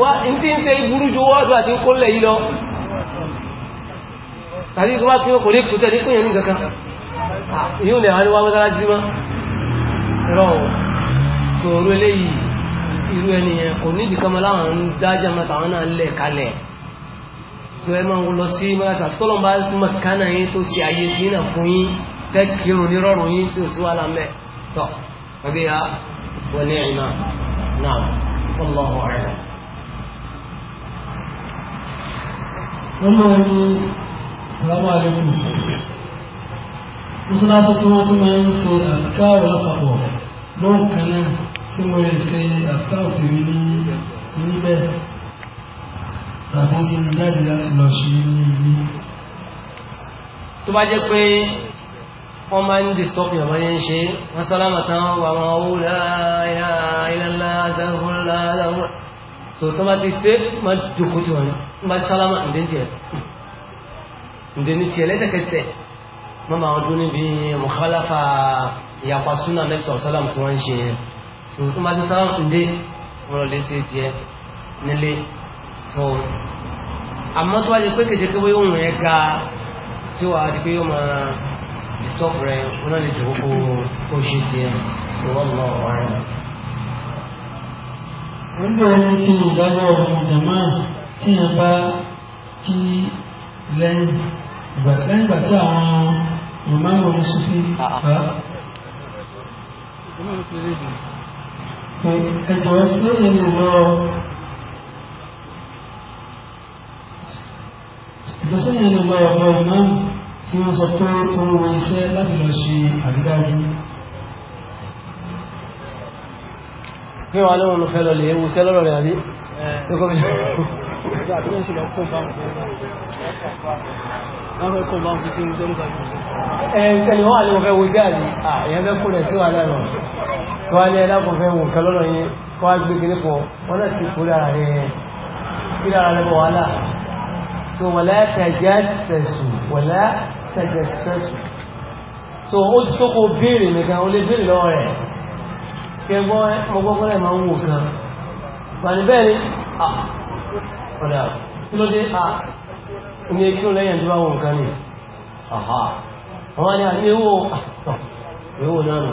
wá ní tí ń ṣe burú ju owó àdúrà tí ń kó lẹ̀ yìí lọ tàbí kí wá kí ó kò ní kùtẹ́ ní kúnyẹ̀ ní kankan ah, yóò lẹ̀ wá irú ẹni yẹn kò ní ìdíkàmọ́ láwọn ń dájà máa tàwọn náà lẹ̀ kalẹ̀ tó ẹ máa ń lọ sí mọ́lásà tọ́lọ́ bá mọ̀ kánà yín tó ṣe ayé sí náà fún yín tẹ́ kírun ní rọrùn yín tí sí wàhálà mẹ́ tọ́ ọgbẹ́ ya wọlé ìmọ̀ náà ọlọ́run ọ̀rẹ́ wọ́n máa ní sàlámù alẹ́kùn mọ́sálásí tí wọ́n tún máa ń ṣe àbíkáwọ̀ lápapọ̀ lóǹkan náà tí mo lè ṣe àkáǹtì mi ní níbẹ̀ tàbí kí n jáde láti lọ ṣe ní ibi. tó bá jẹ́ pé wọ́n máa ń disturb yàn bá yẹn ṣe wọ́n sálámà tán wà wọ́n ó láyà ìlànà àṣàkùnlá àdàmú. so tó bá ti ṣe máa jókòó tí wọ́n ní bá ti sálámà ǹdẹ́ ní tiẹ̀ ǹdẹ́ ní tiẹ̀ lẹ́sẹ̀kẹsẹ̀ wọ́n máa dún níbi mùkálàfà ìyàpá súnà lẹ́tọ̀ sálàm tí wọ́n ń ṣe yẹn tó tó máa ti sálámù tó dé wọn lọ lè ṣe tiẹ̀ nílé tó àmọ́ tó wá di pé kèsè pé bóyá òun yẹn ga tí wàá di pé yóò máa disturb rẹ wọn náà lè dùn kó kó ṣe tiẹ̀ tó wọn lọ wà rẹ. wọ́n bẹ̀rẹ̀ ní kí ni ìdájọ́ ọ̀hún jàmá tí yẹn bá kí lẹ́yìn lẹ́yìn ìgbà tí àwọn ìmọ̀ àwọn oníṣòfin bá pé ẹjọ́ sí èlò lọ ìgbésẹ̀ èlò lọ ọ̀dọ̀ imam tí wọ́n sọ pé òun wọ iṣẹ́ láti lọ ṣe àrídájú pé wà lóhun ló fẹ́ lọ lè ewu sẹ́ lọ́rọ̀ rẹ̀ àrí ẹ̀kọ́ akọ́kọ́ bá fi sí iṣẹ́ nípa ìṣẹ́ ẹ̀ẹ́tẹ̀lẹ̀ wọ́n àlẹ́ òfẹ́ wo sí àrí àyẹ́fẹ́ kó rẹ̀ sí wà lẹ́rọ tó wá ní ẹlákùnfẹ́ wò kẹ lọ́nà yẹn kó wá gbé kíní pọ̀ wọ́n náà ti kó lára rẹ̀ kí lára rẹ̀ bọ̀ wàhálà so wala tajassasu wala tajassasu so ó ti tó kó béèrè nìkan ó lè béèrè lọ́wọ́ rẹ̀ kẹgbọ́n ọgbọ́gbọ́n rẹ̀ máa ń wò kan wà ní bẹ́ẹ̀ ní kí ó lẹ́yìn tó bá wọn nǹkan ni àhà wọn ni àti ah, ewu ewu náà nù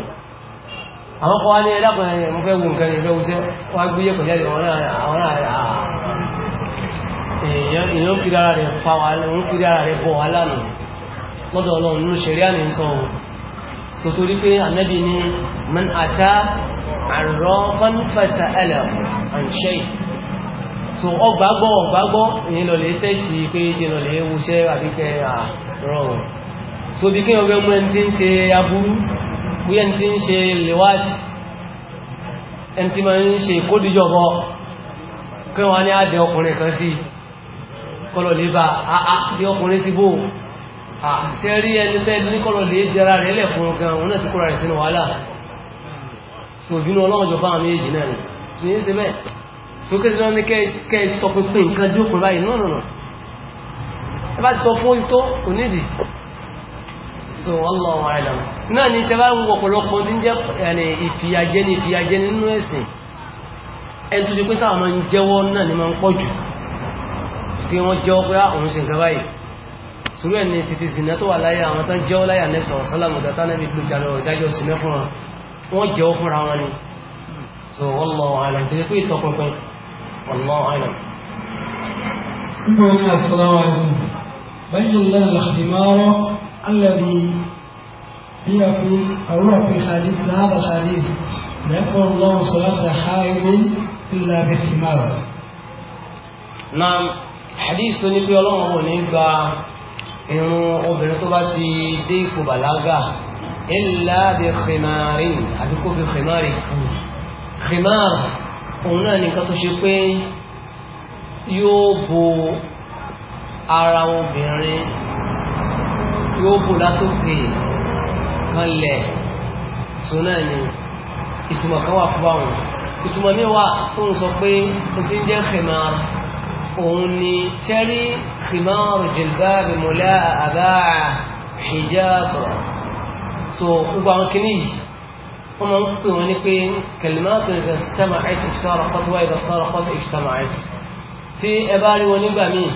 àwọn kọ́ wá ní ẹ̀dàkùn ẹ̀yẹ mo fẹ́ wo nǹkan ni ìfẹ́ wusẹ́ wá gbé yẹ pẹ̀lẹ́ àwọn náà àwọn náà ah. èèyàn èèyàn kiri ara rẹ̀ pa wà ń kiri ara rẹ̀ bọ̀ wà lánàá lọ́dọ̀ ọlọ́run nínú ṣẹ̀ríà ní sọ o sotori pé anabi ni man ata arọ́fan fasa ẹlẹ́kùn àǹṣẹ́yìn so ọgbàgbọ́ ọgbàgbọ́ ìyẹn lọ lè tẹ́sí pé jẹ́ lọ lè wúṣẹ́ àbíkẹ́ àrọ̀rùn so bí kí ọgbẹ́ mú ẹni tí ń ṣe aburú bí ẹni tí ń ṣe lewati ẹni tí ma ń ṣe kódìjọbọ kí wọ́n ní àdẹ ọkùnrin kan sí kọlọ̀ lè bá àdẹ ọkùnrin sí bò àti rí ẹni tẹ́lú ní kọlọ̀ lè jẹra rẹ̀ lẹ̀ gan òun náà ti kóra rẹ̀ sínú wàhálà so ìbínú ọlọ́run jọba àwọn méjì náà ni ní í ṣe bẹ́ẹ̀ tó kí ló ní kẹ́ sọ pé pé nǹkan jókòó báyìí náà náà ẹ bá ti sọ fún tó kò nídìí so wallahu alam náà ni tẹ́ bá ń wọ ọ̀pọ̀lọpọ̀ ní jẹ́ ìfìyàjẹ́ ní ìfìyàjẹ́ nínú ẹ̀sìn ẹni tó ti pé sáwọn máa ń jẹ́wọ́ náà ni máa ń pọ̀ jù kí wọ́n jẹ́wọ́ pé àwọn ah, ṣe nǹkan báyìí sùúrù ẹni títí zìnà tó wà láyé àwọn tán jẹ́wọ́ láyé ànẹ́sọ̀ sálàmù dátà náà gbogbo jalọ ìdájọ́ sílẹ̀ fún wọn wọ́n jẹ́wọ́ fúnra wọn ni so wallahu alam tẹ́ pé ìtọ́pinpin والله أعلم المعنى السلام عليكم بين الله الاختمار الذي هي في الروح في الحديث هذا الحديث لا يقبل الله صلاة حائض إلا باختمار نعم حديث النبي الله ونبا irun obìnrin tó bá ti dé ipò bàlágà ilà bí khimarin òun náà ni nǹkan tó ṣe pé yóò bo ara obìnrin yóò bò látòkè kanlẹ̀ tó náà ni ìtumọ̀ kan wà fún àwọn ìtumọ̀ mi wà tó ń sọ pé o ti ń jẹ́ kìmá òun ni tẹ́rí kìmá rùjìlbá bìmọ̀lá àbá hijab so gbogbo àwọn kìnnìyàn wọ́n máa ń pè wọ́n ní pé kẹlìmáàtò ìfẹ́ sítẹ́mà àìsí ìṣtára kọ́tùwá ìfẹ́ sítẹ́mà kọ́tù ìṣtára àìsí tí ẹ bá rí wọn nígbà míì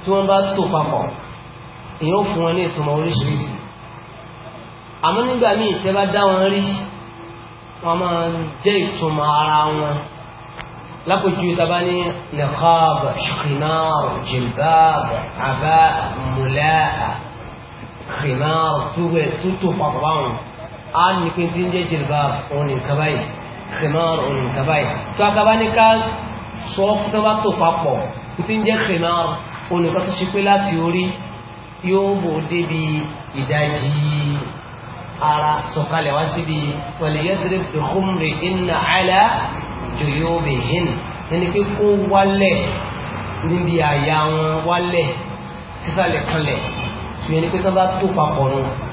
tí wọ́n bá tò papọ̀ èèyàn fún wọn ní ìtumọ̀ oríṣiríṣi àmọ́ nígbà míì tẹ́ bá dá wọn rí wọn á ní pé tí ń jẹ́ jìlbà òun nìkan báyìí khimar òun nìkan báyìí tó akaba ní ká sọ tó bá tó papọ̀ tí ń jẹ́ khimar òun nìkan tó ṣe pé láti orí yóò bò débi ìdajì ara sọ̀kalẹ̀ wá síbi wàlẹ̀yẹ́dẹ́rẹ́ bẹ̀kúmrì iná àlà jòyóbìhìn ẹni pé kó wálẹ̀ níbi àyà wọn wálẹ̀ sísàlẹ̀ kanlẹ̀ ìyẹn ni pé tó bá tó papọ̀ náà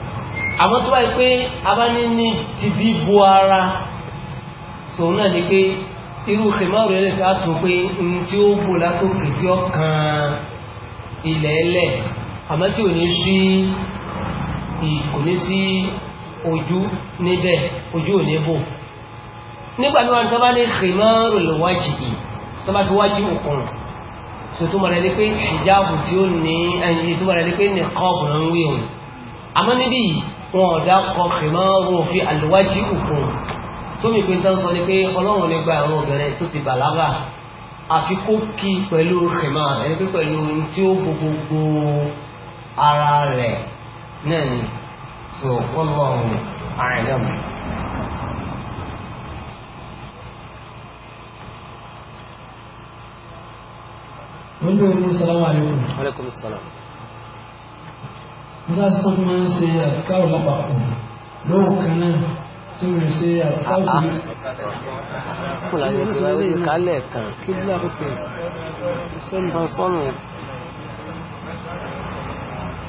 àmọ́ tó báyìí pé abáníní ti bí bo ara sòun náà ni pé irú kìmáàrú yẹn lè fi àtò pé ohun tí ó bò látòkè tí ó kan ilẹ̀ ẹlẹ̀ àmọ́ tí ò ní sí kò ní sí ojú níbẹ̀ ojú ò ní bò nígbà tí wọn tọ́ba ní kìmáàrú lè wájì yìí tọ́ba fi wájì òkun sòtò mọ̀rẹ́ ni pé ìjáàbù tí ó ní ẹni tó mọ̀rẹ́ ni pé nìkan ọ̀bùnrin ń wí òun àmọ́ níbí yìí wọn ọ̀dà kan kìmọ́rún fi àlùwájú òkun tó mi pé tán sọ ni pé ọlọ́run lè gba àwọn obìnrin tó ti bàlágà àfi kó kí pẹ̀lú kìmọ́ ẹni pé pẹ̀lú ohun tí ó gbogbogbò ara rẹ̀ náà ni so wọ́n lọ ọ̀hún àìlẹ́mù. Wọ́n lóyún ní sàlámù alaykum. Aleykum salaam nígbà uh, uh, ah, ah.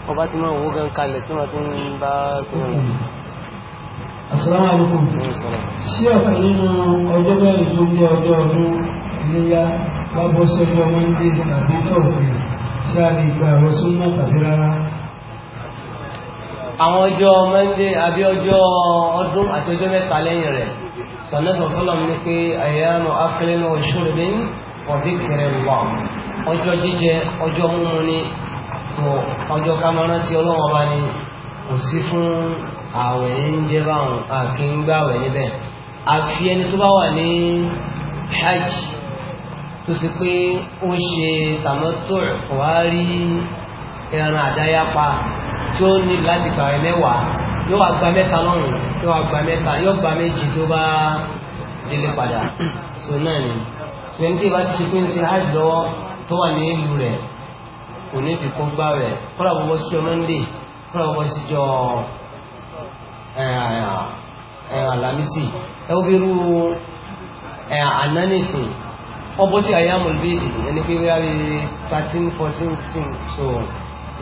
ọba tí máa wó gan kalẹ̀ tí wọ́n ti ń bá kúrin Assalamu alaikum sí ọ̀kan nínú ọjọ́ mẹ́rin tó jẹ́ ọjọ́ ọdún iléyá bá bọ́ sọ́jọ́ mọ́ndé tàbí tọ̀sán sí àlè ìgbà àwọn súnmọ́ tàbí rárá àwọn ọjọ́ mẹ́ndé àbí ọjọ́ ọdún àti ọjọ́ mẹ́ta lẹ́yìn rẹ̀ sọ̀nẹ́sọ̀ sọ́lọ́m ní pé àyàmù akẹ́lẹ́nu òṣùrùbí ọ̀dí kẹrẹ wà ọjọ́ jíjẹ ọjọ́ múmu ni tó ọjọ́ kámẹ́rán tí ọlọ́wọ́n bá ní kò sí fún ààwẹ̀ ń jẹ́ báwọn àkí ń gbàwẹ̀ níbẹ̀ àfi ẹni tó bá wà ní hajj tó sì pé ó ṣe tàmọ́tò kò wá rí ẹran àdáyápa tí ó ní láti gbàwẹ̀ mẹ́wàá yóò wá gba mẹ́ta lọ́rùn yóò wá gba mẹ́ta yóò gba méjì tó bá délé padà so náà ni twenty tí ìbá ti ṣe pé ń ṣe hajj lọ́wọ́ tó wà ní ìlú rẹ̀ kò ní fi kó gbàwẹ̀ kọ́lá bọ́bọ́ sí ọmọdé kọ́lá bọ́bọ́ sí jọ alamisi ẹ wọ́n fi rú ananifin ọbọ̀ sí ayé amòlùbí ẹni pé wíwá rí thirteen fourteen fifteen so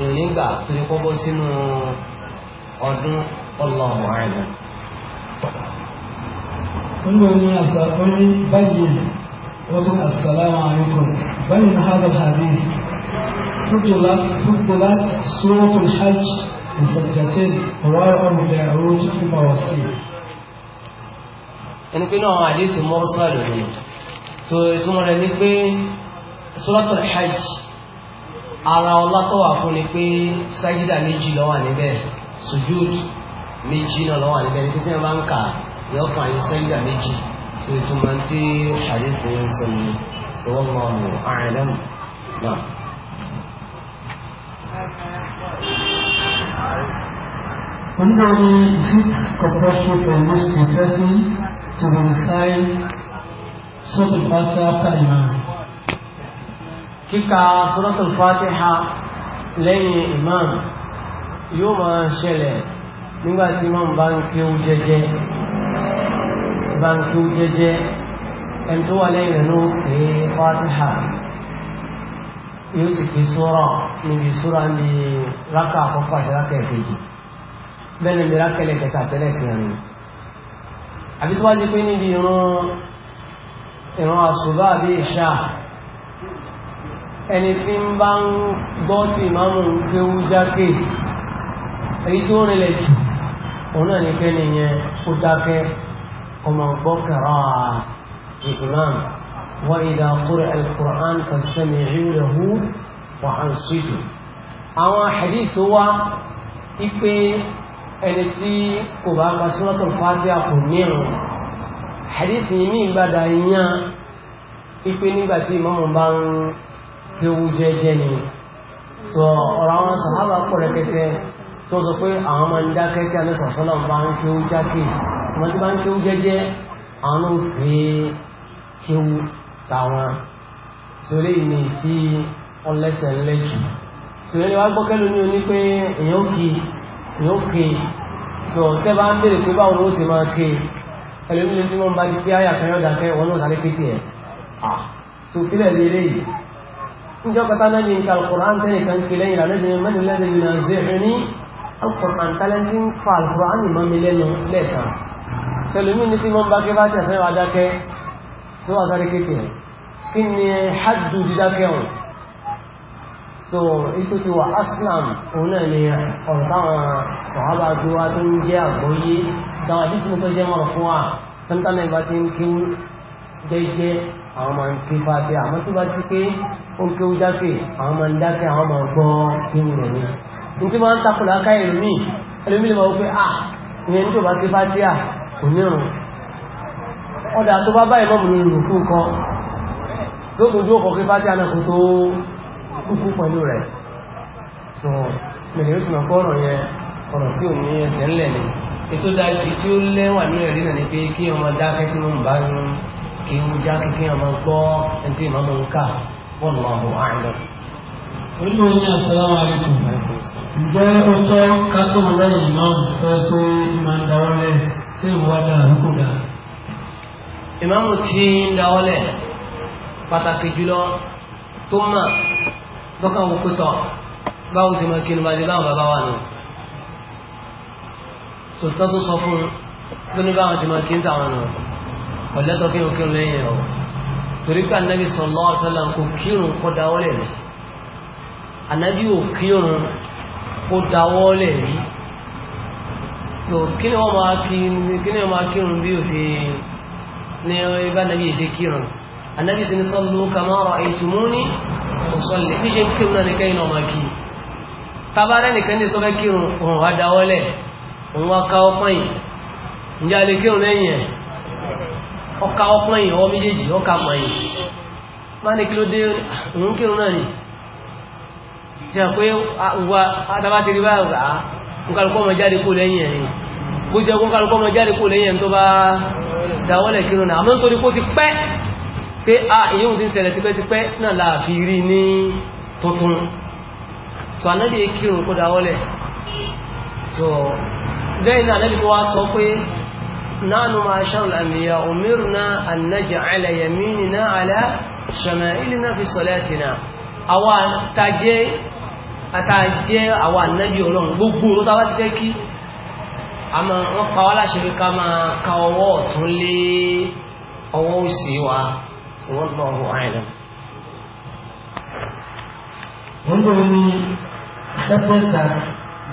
ìrìngà tó lè kọ́kọ́ sínú ọdún ọlọ́run àìlú. wọ́n mọ̀ ní àṣà wọ́n ní báyìí wọ́n ní assalamu alaikum báyìí ní hàdà hàdì فضلت سورة الحج بسجدتين رواه أبو داود في مواقيت ẹni pé náà àdéhùn mọ́sálù ni tó ìtumọ̀ rẹ̀ ni pé suratul hajj ara ọlá tó wà fún ni pé sájídà méjì ló wà níbẹ̀ sujud méjì náà ló wà níbẹ̀ ní pé tí wọ́n bá ń kà yọ kàn yín sájídà méjì tó ìtumọ̀ tí àdéhùn yẹn sọ ni sọwọ́n mọ̀ ọ́nù àìlẹ́m náà. Wondering is it compulsory for a Muslim person to recite Surah Al-Fatiha after Imam? kíka suratul fatiha lẹ́yìn imam yóò máa ṣẹlẹ̀ nígbàtí imam bá ń kí ó jẹjẹ bá ń kí ó jẹjẹ ẹni tó wà lẹ́yìn rẹ̀ ló pè é fatiha yóò sì fi sura níbi sura ní rákà àkọ́kọ́ àti rákà ẹ̀kejì bẹ́ẹ̀ ni mi rákà ẹlẹ́kẹta àtẹ́lẹ̀ àbí tó wá jẹ́ pé níbi ìran ìran àṣùbà àbí ìṣáà ẹni tí ń bá ń gbọ́ tí ìmáàmù ń gbé ó dákẹ́ èyí tó rìnlẹ̀ jù òun náà ní pé nìyẹn ó dákẹ́ ọmọ gbọ́ kẹrọ ìgbìmọ̀ wọ́n ìdá kúrò al-Qur'an fàṣẹ́mi ìrìnlẹ̀hú wàhán sídù àwọn hadith tó wá ipe ẹni tí kò bá ka suratul Fatiha kò ní ìrùn hadith ní ìgbàdà yíyan ipe nígbà tí ìmáàmù bá ń kéwú jẹ́jẹ́ ni sọ ọ̀rọ̀ àwọn sàhábà pọ̀ rẹ̀kẹ́kẹ́ tó sọ pé àwọn máa ń dákẹ́ kí alẹ́ sàṣọ́lá bá ń kéwú jákè wọ́n ti bá ń kéwú jẹ́jẹ́ àwọn ló fi kéwú táwọn sórí ni tí wọ́n lẹ́sẹ̀ ń lẹ́jù sórí ni wọ́n gbọ́ kẹ́lú ní oní pé èèyàn ó kì èèyàn ó kì sọ tẹ́ bá níjọ́ kọta náà ní nǹkan alkùnrán tẹ́lẹ̀ kan kí lẹ́yìn àlẹ́bí ni mẹ́rin lẹ́dẹ̀ yìí náà zẹ́ ẹ̀ ní alkùnrán tẹ́lẹ̀tì ń fa alkùnrán ní mọ́mí lẹ́nu lẹ́ẹ̀kan sẹlẹ̀mí ní sí mọ́ bá kí bá tẹ̀ fẹ́ adákẹ́ tó wà sáré kí ni hajj dídákẹ́ wọn so ètò ti wà aslam òun náà ni ọ̀rọ̀ táwọn sọ̀hábà tó wá tó ń jẹ́ àgbọ́yé dáwọn àdísìmọ́ tó jẹ́ mọ̀rọ̀ fún wa tẹ́ńtánà ìbá ti ń kí jẹ́jẹ́ àwọn máa ń ké fàtẹ́ àmọ́ tó bá ti pé ó ń ké ó jáfe àwọn máa ń dákẹ́ àwọn máa gbọ́ kéwù rẹ̀ ni ní tí máa ń takò láká ẹlòmíì ẹlòmíì lè máa wọ pé à ìyẹn tó bá ké fàtẹ́ à kò ní ọ̀run ọ̀dà tó bá báyìí mọ́mù ní ìrùkú kan tó kò dúró kọ̀ọ̀ké fàtẹ́ àná kò tó kúkú pẹ̀lú rẹ̀ sọ mẹ̀lẹ́ oṣù náà kọ́rọ̀ yẹn ọ̀rọ̀ tí ò ní ẹsẹ̀ ńlẹ̀ ni ètò ni pé kí ọmọ dákẹ́ tí kí ó já kíkí ọmọ gbọ́ ẹtí ìmọ̀mọ̀ ń kà wọ́n lọ bọ̀ àìlọ. Olúwo ní àsàlámù aláìkùm. Ǹjẹ́ ó tọ́ ká tó mọ lẹ́yìn ìmáàmù fẹ́ pé máa ń dáwọ́lẹ̀ tí ìwà dára ló kò dá? Ìmáàmù ti ń dáwọ́lẹ̀ pàtàkì jùlọ tó mà lọ́kàn wò pétọ̀ báwo sì máa kí ni bàjẹ́ báwọn bàbá wà nù. Sòtítọ́ tó sọ fún un tó báwọn sì máa kí ń tàwọn nù ọ̀lẹ́tọ̀ kí òkè lẹ́yìn ọ̀ torí pé anábì sallallahu alaihi wasallam kò kírun kó dáwọ́lẹ̀ rí anábì ò kírun kó dáwọ́lẹ̀ rí tó kí ni wọ́n máa kí kí ni wọ́n máa kírun bí ó ṣe ní ibà anábì ṣe kírun anábì sì ní sallu kama ra'aytumuni usalli bí ṣe kírun náà nìkan iná máa kí tabarẹ́ nìkan ní sọ́fẹ́ kírun òun wá dáwọ́lẹ̀ òun wá káwọ́ pọ́yìn ǹjẹ́ a lè kírun lẹ́yìn ẹ̀ ọka ọpọlọ yìí ọwọ́ méjèèjì ọka mọ̀ yìí máa ní kí ló dé òun kírun náà ni tí a pé wa adaba ti rí bá rà á nkálukọ́ ọmọ jáde kó lẹ́yìn ẹ̀yìn bó jẹ́ kó nkálukọ́ ọmọ jáde kó lẹ́yìn ẹ̀yìn tó bá dáwọ́lẹ̀ kírun náà àmọ́ nítorí kó ti pẹ́ pé a ìyóhun ti ń ṣẹlẹ̀ tipẹ́tipẹ́ náà la fi rí ní tuntun so anábìyẹ kírun kó dáwọ́lẹ̀ so lẹ́yìn náà anábìyẹ wá sọ pé نحن معاشر الأنبياء أمرنا أن نجعل يميننا على شمائلنا في صلاتنا àwọn tàjẹ́ àtàjẹ́ àwọn ànábì ọlọ́run gbogbo ló tàbá ti fẹ́ kí a ma wọ́n pa wá láṣẹ ká máa ka ọwọ́ ọ̀tún lé ọwọ́ òsì wa tí wọ́n bá ọwọ́ àìlẹ̀. wọ́n bẹ̀rẹ̀ ní separate that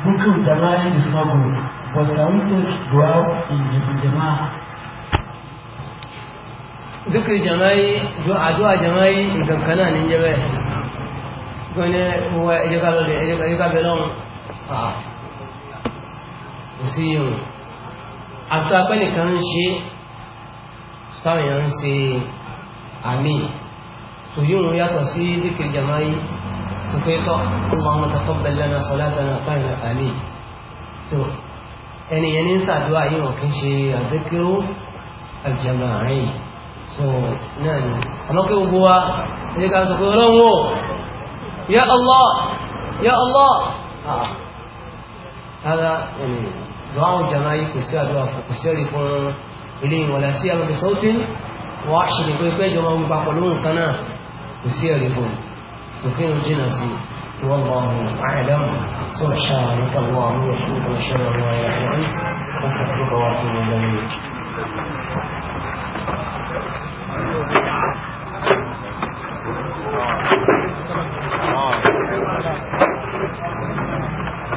booking of the line is not good but can we take dua in jama? dúkìrì jama yìí àdúrà jama yìí nǹkan kan náà ní jẹ́ bẹ́ẹ̀ gbọ́nẹ́ wọ ẹjẹ́ ká lọ́lẹ̀ ẹjẹ́ ká bẹ̀ lọ́rùn kò sí yìí àti apẹ́ nìkan ń ṣe táwọn èèyàn ń ṣe àmì tòyún yàtọ̀ sí dúkìrì Allahumma taqabbal lana salatana fáìlà àmì tó ẹni yẹn ní sàdúrà yìí wọn kì í ṣe àdékéró àjàmà rìn so náà ni ọlọ́kẹ́ gbogbo wa ẹni ká sọ pé ọlọ́run o ya Allah ya Allah rárá ẹni lọ àwọn jàmà yìí kò sí àdúrà fún kò sí ẹ̀rí fún ilé ìwọ̀n lásì àwọn ìṣòwòtín wọ́n á ṣe lè pé pé ìjọba gbogbo lóhùn kan náà kò sí ẹ̀rí fún sòfin jìnnà sí i. والله أعلم سبحانك اللهم وبحمدك أشهد أن لا إله إلا أنت أستغفرك وأتوب إليك